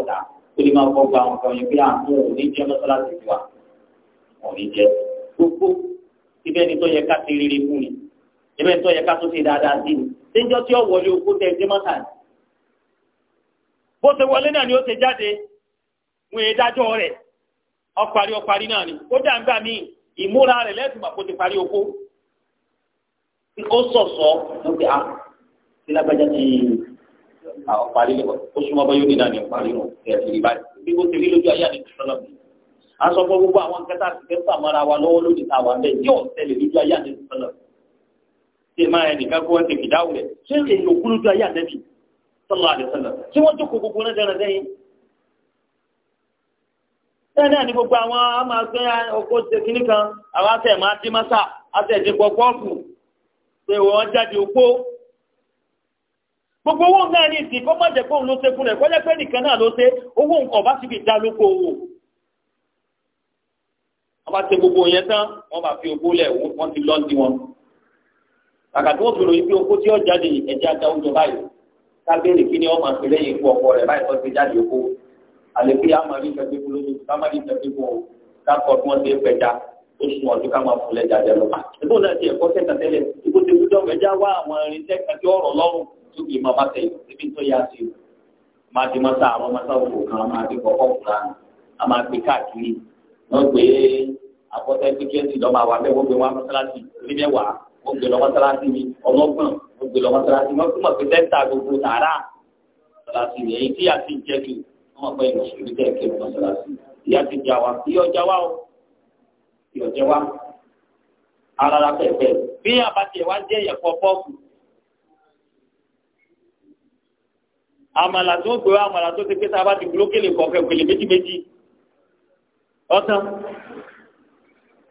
ebe tó yẹ ká tó ṣe dáadáa sí ni ṣéjọ́ tí ó wọlé oko tẹ ẹgbẹ́ mọ́ta ni. bó ṣe wọlé náà ni ó ṣe jáde ń wọ ìdájọ́ rẹ̀ ọparí ọparí náà ni ó dà ń gbà mí ìmúra rẹ̀ lẹ́sùn àpò ti parí oko. ó sọ̀sọ̀ ló fi hàn ah, sí lágbájá ti àwọn ah, parí lẹ́wọ̀ ó súnmọ́ bá yóò ní náà ní parí nù ẹ̀ ti bí ó ti rí lójú ayé àti ìṣọ́lá a sọ fún gbogbo àwọn kẹta àti kẹta mọ́ra wa lọ́wọ́ lónìí táwa bẹ́ẹ̀ yóò tẹ̀lé lójú ayé àti ìṣọ́lá mi ṣe máa ẹnìkan kó wọ́n ti fìdá wẹ̀ ṣé èyí ò kúrú ju ayé àtẹ́bí sọ́lá àdìsọ́lá ṣé wọ́n jókòó gbogbo náà dára sẹ́yìn. bẹ́ẹ̀ náà ni gbogbo àwọn a máa gbé ọkọ̀ ṣe kínní kan àwọn afẹ́ máa dín mọ́sà afẹ́ dín pọ̀ gọ́ọ̀fù pé wọ́n jáde òpó. gbogbo owó náà ní ìsìn kọ́ mọ̀jẹ̀ pé òun ló ṣe fún rẹ̀ kọ́jẹ́ pé nìkan náà ló ṣe owó nǹkan ọ̀bá sì fi dá lóko owó. wọ́n bá ṣe gbogbo yẹn tán wọ́n bá fi òpó lẹ̀ wọ́n ti lọ́ọ́ kàkà tó dúró yìí pé okó tí ó jáde ẹ̀jẹ̀ adáwùjọ báyìí kábẹ́ẹ̀lì kí ni ọmọ àpẹẹrẹ yìí fún ọkọ rẹ̀ báyìí tó ti jáde okó àlèkí amadi ìfẹ̀gbẹ́ kúló ní kámadi ìfẹ̀gbẹ́ kú kakọ tí wọ́n ti pẹja tó sun ọdún ká máa fúnlẹ̀ jáde lọ. ìbò náà ti ẹ̀kọ́ sẹ́kà tẹ́lẹ̀ ìbò ti wúdọ̀ mẹ́já wá àwọn irinṣẹ́ kàkí ọ̀rọ̀ lọ́rùn tó kì í máa bá tẹ̀yìn síbi tó yá di mọ́tà àwọn mọ́tà òkò kan a máa mo gbé lọ mọ́sálásí mi ọlọ́gbọ̀n mo gbé lọ mọ́sálásí mi wọ́n túmọ̀ pé sẹ́ńtà gbogbo tààrà mọ́sálásí mi èyí tí a ti jẹ jù wọ́n pẹ́ ìmọ̀sùlùmí tẹ̀ kí lọ mọ́sálásí ìyá ti jà wá ìyọ̀ jà wá o ìyọ̀ jẹ wá ara la pẹ̀pẹ̀ bí abatẹ̀ wá jẹ́ ìyẹ̀pọ̀ pọ́ọ̀kù àmàlà tó ń gbé wa àmàlà tó ti pé tá a bá ti gbúlókèlè kọ̀ọ̀kẹ́ òkèlè méjì méjì ọ̀sán.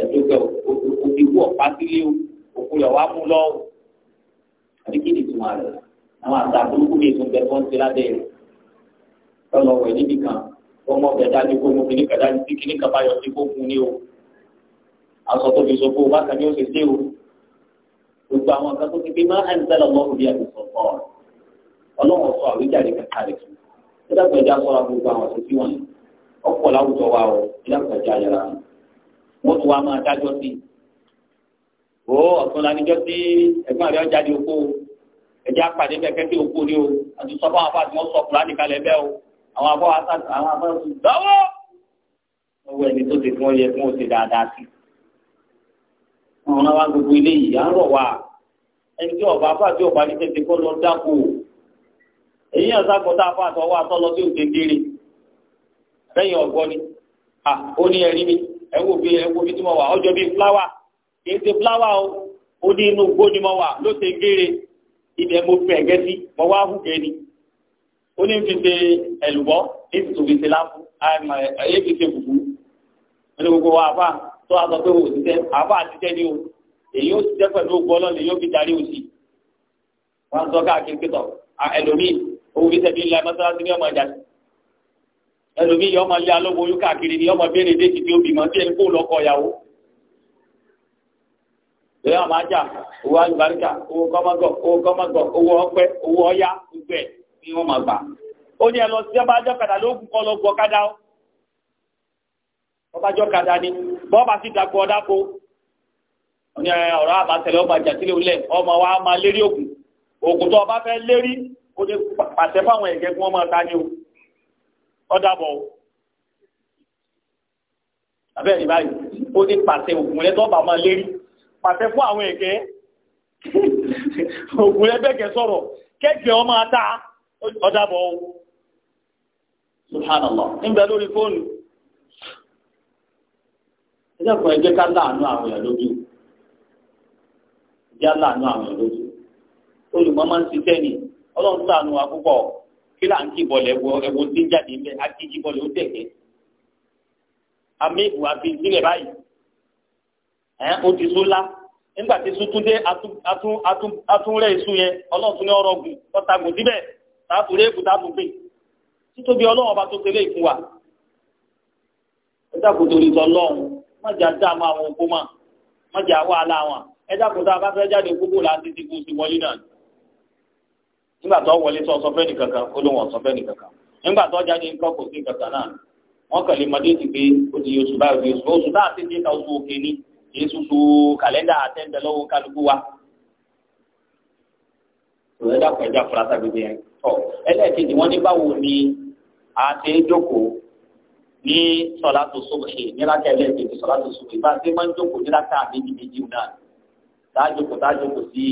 ẹ̀dọ́gbẹ̀ òbí wú ọ̀pá sílé o òkú rẹ̀ wá mú lọ́wọ́ àbí kí ni ìtumọ̀ rẹ̀ àwọn àgbà burúkú mi ìtún bẹ tó ń ṣe lábẹ́ rẹ̀ lọ́nà ọ̀wẹ̀ níbi kan wọ́n mọ̀ bẹ́ẹ̀ dájú kó mú kíní kan dájú sí kíní kan bá yọ sí kó fún ní o aṣọ tó fi sọ fún o bá kàní ó ṣe sí o gbogbo àwọn kan tó ti pé má àìsí lọ́wọ́ òbí àdùsọ̀ fọ́ ọlọ́wọ́ sọ àwíjàre kàkà rẹ̀ kí ó dàgbẹ́jà gbogbo àwọn àṣẹ sí wọn ọ̀pọ̀ láwùjọ wa o ìdàgbẹ́jà yẹra wọn ó tún wá máa dájọ́ sí i ó ọ̀tún lanijọ́ sí ẹ̀gbọ́n rẹ̀ ọjà oko ẹ̀jẹ̀ apàdé bẹ́ẹ̀ kẹ́kẹ́ oko ni o àti sọ fún àwọn afáàtì wọn sọ fúlàní kalẹ̀ bẹ́ẹ̀ o àwọn afọ àwọn afọ dánwó owó ẹni tó ti fún ọ yẹ fún ọ ti dáadáa sí i àwọn àwọn gbogbo ilé yìí à ń rọ̀ wá ẹni tí ọba afáàtì ọba ní tètè kọ́ lọ dáko èyí yàn sáfọ́ tá a fọ́ àtọ́wọ́ àtọ́ lọ sí òkè lẹ́yìn ọ̀gbọ́ni à ó ní ẹ̀rí mi ẹ wo bí ẹ wo bí tí mo wà ọjọ́ bíi fúláwà kìí o ó ní inú igbó ni mo wà ló ṣe gére ibẹ̀ mo fẹ̀ gẹ́sí mo wá hù gẹ́ni ó ní fi ṣe ẹ̀lùbọ́ ní ti tòbi ṣe láàfù ayé fi ṣe fùfú ó ní gbogbo àfa tó a sọ pé o ti tẹ àfa àti tẹ ni o èyí ó ti tẹ pẹ̀lú ògbó ọlọ́ọ̀ni yóò fi darí òsì wọn sọ káàkiri pé ẹlòmíì owó fi ṣẹbi ńlá mọ́sálásí ní ọmọ ìjà ẹlòmíì yọ ọmọ lé alówó oyún káàkiri ni ọmọ béèrè déètì tí ó bímọ tí ẹni kó lọkọ ìyàwó ìyá àmà jà owó alùbáríkà owó kọ́mọ́gọ̀ owó kọ́mọ́gọ̀ owó ọpẹ́ owó ọyá gbogbo ẹ̀ ni wọ́n máa gbà. ó ní ẹ lọ sí ọba àjọkadà lóògùn kọ́ lọ́gùn ọ̀kadà ó ọba àjọkadà ni bọ́ọ̀bà sì dàgbọ́ ọ̀dàpọ̀ ó ní ọ̀rọ̀ àbátẹ̀lẹ̀ ọba àjàsílẹ̀ òlẹ̀ ọmọ wa máa lérí ògùn ògùn tó ọba fẹ́ lérí ó ní pàṣẹ fáwọn ẹ̀gẹ́ kí wọ́n máa ta ni o ọ̀dàbọ̀ o abẹ́rẹ́ ní báyìí ó ní pàṣẹ ògùn rẹ tọ́ba máa lérí pàṣẹ fún àwọn ẹ̀kẹ́ ògùn rẹ bẹ́ẹ̀kẹ́ sọ̀rọ̀ kẹ́kẹ́ ọmọ ata ọ̀dàbọ̀ o subhanallah nígbà lórí fóònù ẹjẹ́ kan ẹjẹ́ ká láàánú àwọn èèyàn lójú ẹjẹ́ láàánú àwọn èèyàn lójú olùmọ́ máa ń ṣiṣẹ́ ni ọlọ́run ṣàánú wa púpọ̀ kí là ń kí bọ̀lẹ̀ wọ ẹ̀wọ̀ tí ń jáde ńlẹ̀ àti bọ̀lẹ̀ ó amébù báyìí ẹ̀ ó ti sún lá nígbà tí sún tún dé atúnrẹ́ ìsú yẹn ọlọ́run tún ní ọ̀rọ̀ gùn síbẹ̀ tààtúrẹ́ èkó títóbi ọlọ́run ọba tó tẹ̀lé ìfún wa lọ́run má jà àwọn mọ́ a jáde gbogbo là ti nígbà tó wọlé tó sọ fẹ́ni kankan ó ló wọn sọ fẹ́ni kankan nígbà tó jáde nǹkan kò sí kankan náà wọn kàn lè mọdé ti pé ó ti oṣù báyìí ti oṣù oṣù náà ti dé ta oṣù òkè ni kì í ṣoṣù kàlẹ́ndà àtẹ́ńdẹ lọ́wọ́ kálukú wa. òwe dàpọ̀ ẹja furasa gbogbo yẹn tọ́ ẹlẹ́ẹ̀kejì wọ́n ní báwo ni a ti ń jókòó ní sọlá tó sókè nílákẹ́ ẹlẹ́ẹ̀kejì sọlá tó sókè bá a ti máa ń jókòó nílákẹ́ àbíjì méjì náà tá a jókòó tá a jókòó sí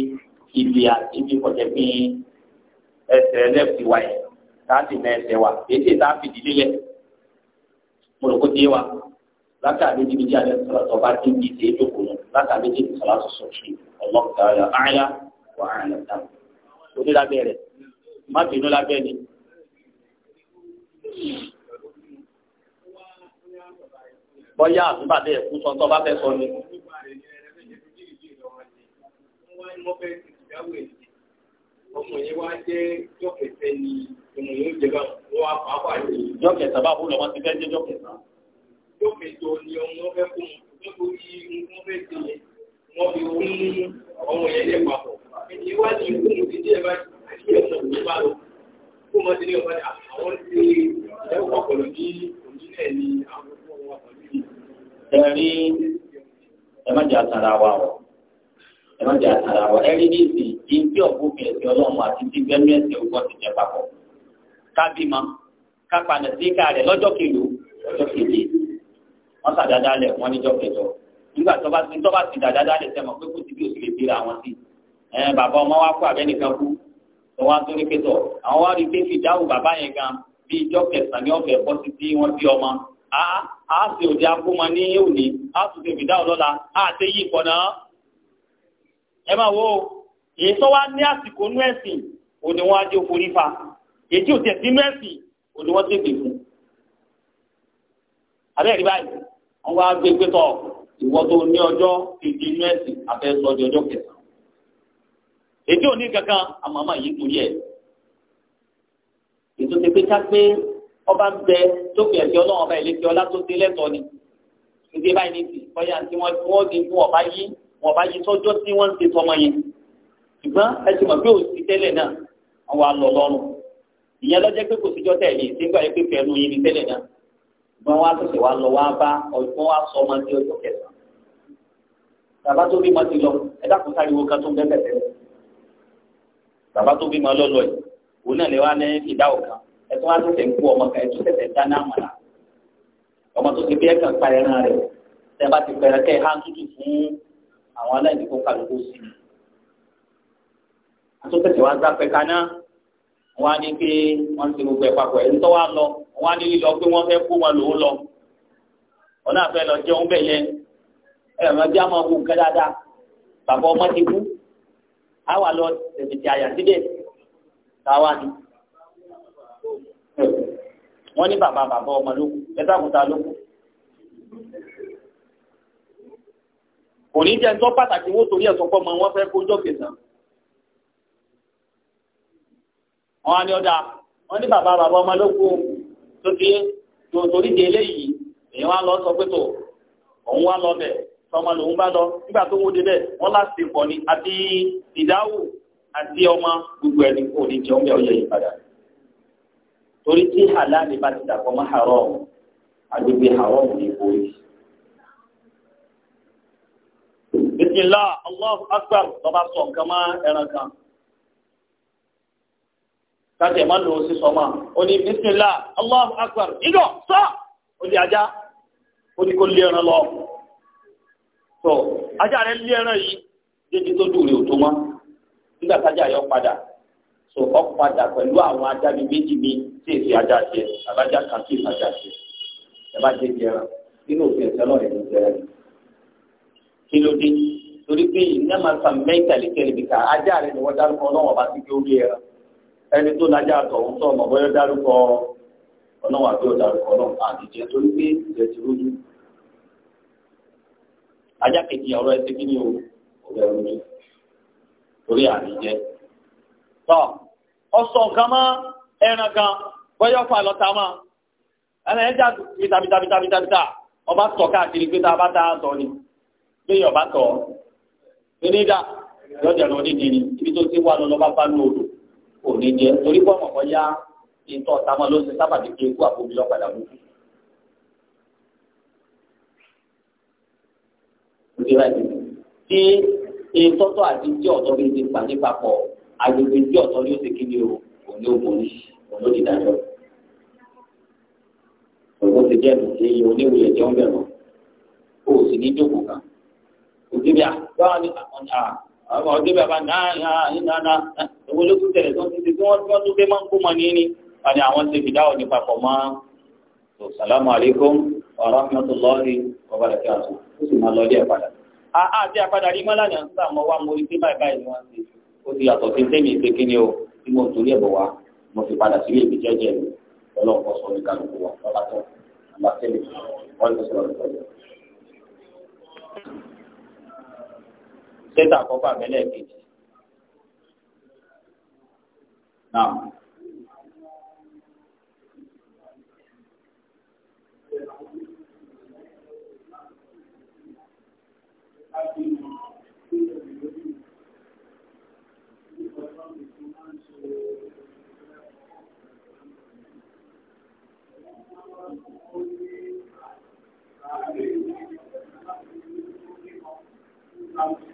ibi àti ibi kọjá pín ẹsẹ̀ lẹ́ẹ̀tì wa yẹn káàtì náà ẹsẹ̀ wa ètè tá a fi dìde lẹ̀ mọ̀lòkó dé wa látà méjì méjì alẹ́ sọ̀rọ̀ tó bá dé bí ìdè ìjókòó nù látà méjì sọ̀rọ̀ tó sọ̀ sí ọlọ́kùnrin àyà àyà wà àyà dá onílábẹ́ rẹ̀ má bínú lábẹ́ ni. bọ́yá àtúbàdé ẹ̀kú sọ tó bá fẹ́ sọ ni ọmọ yẹn wá jẹ́ jọ́kẹ̀tẹ̀ ni ọmọ yẹn ń jẹba wọ́n á pàápàá ní. jọ́kẹ̀tà báwo lọ́mọ ti fẹ́ jẹ́ jọ́kẹ̀tà. jọ́kẹ̀tà ni ọmọ fẹ́ kó mu nítorí wọ́n fẹ́ ti yẹn fi wọ́n mú ọmọ yẹn jẹ́ papọ̀. èyí wá ní ìkú ti díẹ̀ bá ti ẹ̀ sọ̀rọ̀ ní bá lọ. kó mọ ti ní ọ̀gá àwọn ti ẹ̀rọ pàpọ̀lọ̀ ní òmìnira ní àwọn ọmọ wa pàlú ẹ má jẹ àtàrà wọ ẹrí ní ìsìn yìí tí ọ̀pọ̀ fi ẹ̀sìn ọlọ́run àti ti gbẹ́mí ẹ̀sìn ọgbọ́n ti jẹ papọ̀ kábímọ kápadà sí ká rẹ lọ́jọ́ kìlú lọ́jọ́ kìlú wọ́n sà dáadáa lẹ̀ wọ́n níjọ́ kẹjọ nígbà tó bá ti tó bá ti dà dáadáa lẹ̀ sẹ́mọ̀ pé kò sí bí o sì lè bíra wọn sí ẹ bàbá ọmọ wa kú abẹ́nìkan kú wọn wá torí pé tọ̀ àwọn wá rí pé fìdáhùn bàbá yẹn gan bí ìjọ kẹsàn-án ní ọ̀fẹ́ a a sì òde akómọ ní òní a sì ṣe fìdáhùn lọ́la a ti yí ìkọ̀ ẹ máa wo èyí tó wá ní àsìkò nú ẹ̀sìn òní wọn á dé òforí fa èyí tí ò tẹ̀ sí nú ẹ̀sìn òní wọn tẹ̀ gbèsè abẹ́rẹ́ báyìí wọ́n wá gbé pé tọ̀ ìwọ tó ní ọjọ́ kejì inú ẹ̀sìn àfẹ́sọ di ọjọ́ kẹsàn-án èdè òní kankan àmàmà yìí torí ẹ̀ ètò ti ká pé ọba ń bẹ tó fi ọlọ́run ọba ìlẹ́sìn ọlá tó ti lẹ́tọ̀ọ́ ni ìdí báyìí ní ti bọ́yá tí wọ́n ti fún ọba yìí wọn bá yí tọ́jọ́ tí wọ́n ń ṣe tọmọ yẹn ṣùgbọ́n ẹ ti mọ̀ pé òsì tẹ́lẹ̀ náà àwọn àlọ́ lọ́rùn ìyẹn lọ́jọ́ pé kò síjọ́ tẹ̀lé sígbà yẹn pé fẹ́ẹ́nu yẹn ni tẹ́lẹ̀ náà ṣùgbọ́n wọ́n á tẹ̀sẹ̀ wá lọ wá bá ọ̀gbọ́n wá sọ ọmọ sí ọjọ́ kẹsàn-án bàbá tó bímọ ti lọ ẹ dákun sáré wo kan tó ń bẹ́ẹ̀ tẹ́lẹ̀ bàbá tó bímọ lọ́lọ́ ẹ̀ òun náà lè wá ní ìdá ọ̀kan ẹ tó wá tẹ̀sẹ̀ ń kú ọmọ kan ẹ tó tẹ̀sẹ̀ àwọn aláìní kó kálukú sí mi. àtúntẹ̀sẹ̀ wá ń sáfẹ́ kaná wọ́n á ní pé wọ́n ti gbogbo ẹ̀ papọ̀ ẹ̀rí tó wá lọ wọ́n á ní lílọ pé wọ́n fẹ́ kó wọn lòún lọ. wọn náà fẹ́ lọ jẹun bẹ́ẹ̀ yẹn ẹ̀ mọ̀ bí a máa wù nǹkan dáadáa bàbá ọmọ ti kú á wà lọ tẹ̀sìtì àyà síbẹ̀ táwa ni. wọ́n ní bàbá bàbá ọmọ ló kù ẹ kò ní jẹ́ ǹtọ́ pàtàkì wó torí ẹ̀sọ́ pọ̀ mọ́ wọ́n fẹ́ kójọ́ kẹsàn. wọ́n á ní ọ̀dà wọ́n ní bàbá bàbá ọmọ lókun tó ti tó torí di eléyìí èyí wọ́n á lọ sọ pé tó òun wá lọ bẹ̀ tọmọ lòun bá lọ nígbà tó wó débẹ̀ wọ́n láti pọ̀ ni àti ìdáwò àti ọmọ gbogbo ẹni kò ní jẹun bẹ́ẹ̀ ọ̀yẹ́ yìí padà torí tí halali bá ti dàpọ̀ mọ́ haram àgbègbè haram ní orí. bisimilá allahu akbar lọ́ba sọ nǹkan mọ́ ẹran kan káṣí ẹ̀ má lò ó sí sọ́mọ́ ó ní bisimilá allahu akbar ìjọ sọ ó di ajá ó ní kó lé ẹran lọ tó ajá rẹ lé ẹran yìí tó dùn rè yọ so ọ padà àwọn ajá bíi méjì mi tí èsì ajá kan tí èsì ajá ẹ bá jẹ nínú torí pé iná máa san mẹ́ta lè kẹ́lẹ́ ajá rẹ̀ ni wọ́n ọlọ́wọ́ bá ti gé orí ẹ̀rọ ẹni tó lájà tọ̀ ń sọ ọmọ bọ́yọ́ dárúkọ ọlọ́wọ́ àbí ọ̀dàrúkọ ọlọ́wọ́ àtijọ́ torí pé ìjẹ́ ti rújú. ajá kejì ọ̀rọ̀ ẹ ti o ẹ torí tọ́ ọ̀sọ̀ mọ́ ẹran kan bọ́yọ́ fà mọ́ ọba káàkiri pé tá a bá ta ọba tọ̀ nínídà lọ́jà lọ nídìí ni ibi tó ti wà lọ́lọ́ bá bá ní odò kò ní jẹ torí pọ́ mọ̀ kọjá ìtọ́ tamọ́ ló ń ṣe sábàdì pé ikú àbòmí lọ́padà mú. tí ìtọ́tọ̀ àti tí ọ̀tọ̀ bí ti pàdé papọ̀ agbègbè tí ọ̀tọ̀ ni ó ti kí ni o kò ní o mọ̀ ní òun ló ti ti jẹ́ ẹ̀dùn sí iye oníwèé jẹun bẹ̀rù o sì ní jókòó kan débi à báwa ni àwọn ọdẹ bí a bá náà náà náà náà owó ló tún tẹ̀lé tó ń tẹ̀lé tí wọ́n tí wọ́n tún fẹ́ máa ń kó mọ ní ní wọ́n ní àwọn ṣe fìdáwọ̀ ní papọ̀ mọ́ tó sàlámù alaykum wa rahmatulahi wa barakatuh ó sì máa lọ ilé ẹ̀ padà. àá àti àpadà rí mọ́lánà ń sàmọ́ wa mo rí pé báyìí báyìí ni wọ́n ti yàtọ̀ sí tẹ́tà àkọ́kọ́ àbẹ́lẹ̀ kejì. Thank you.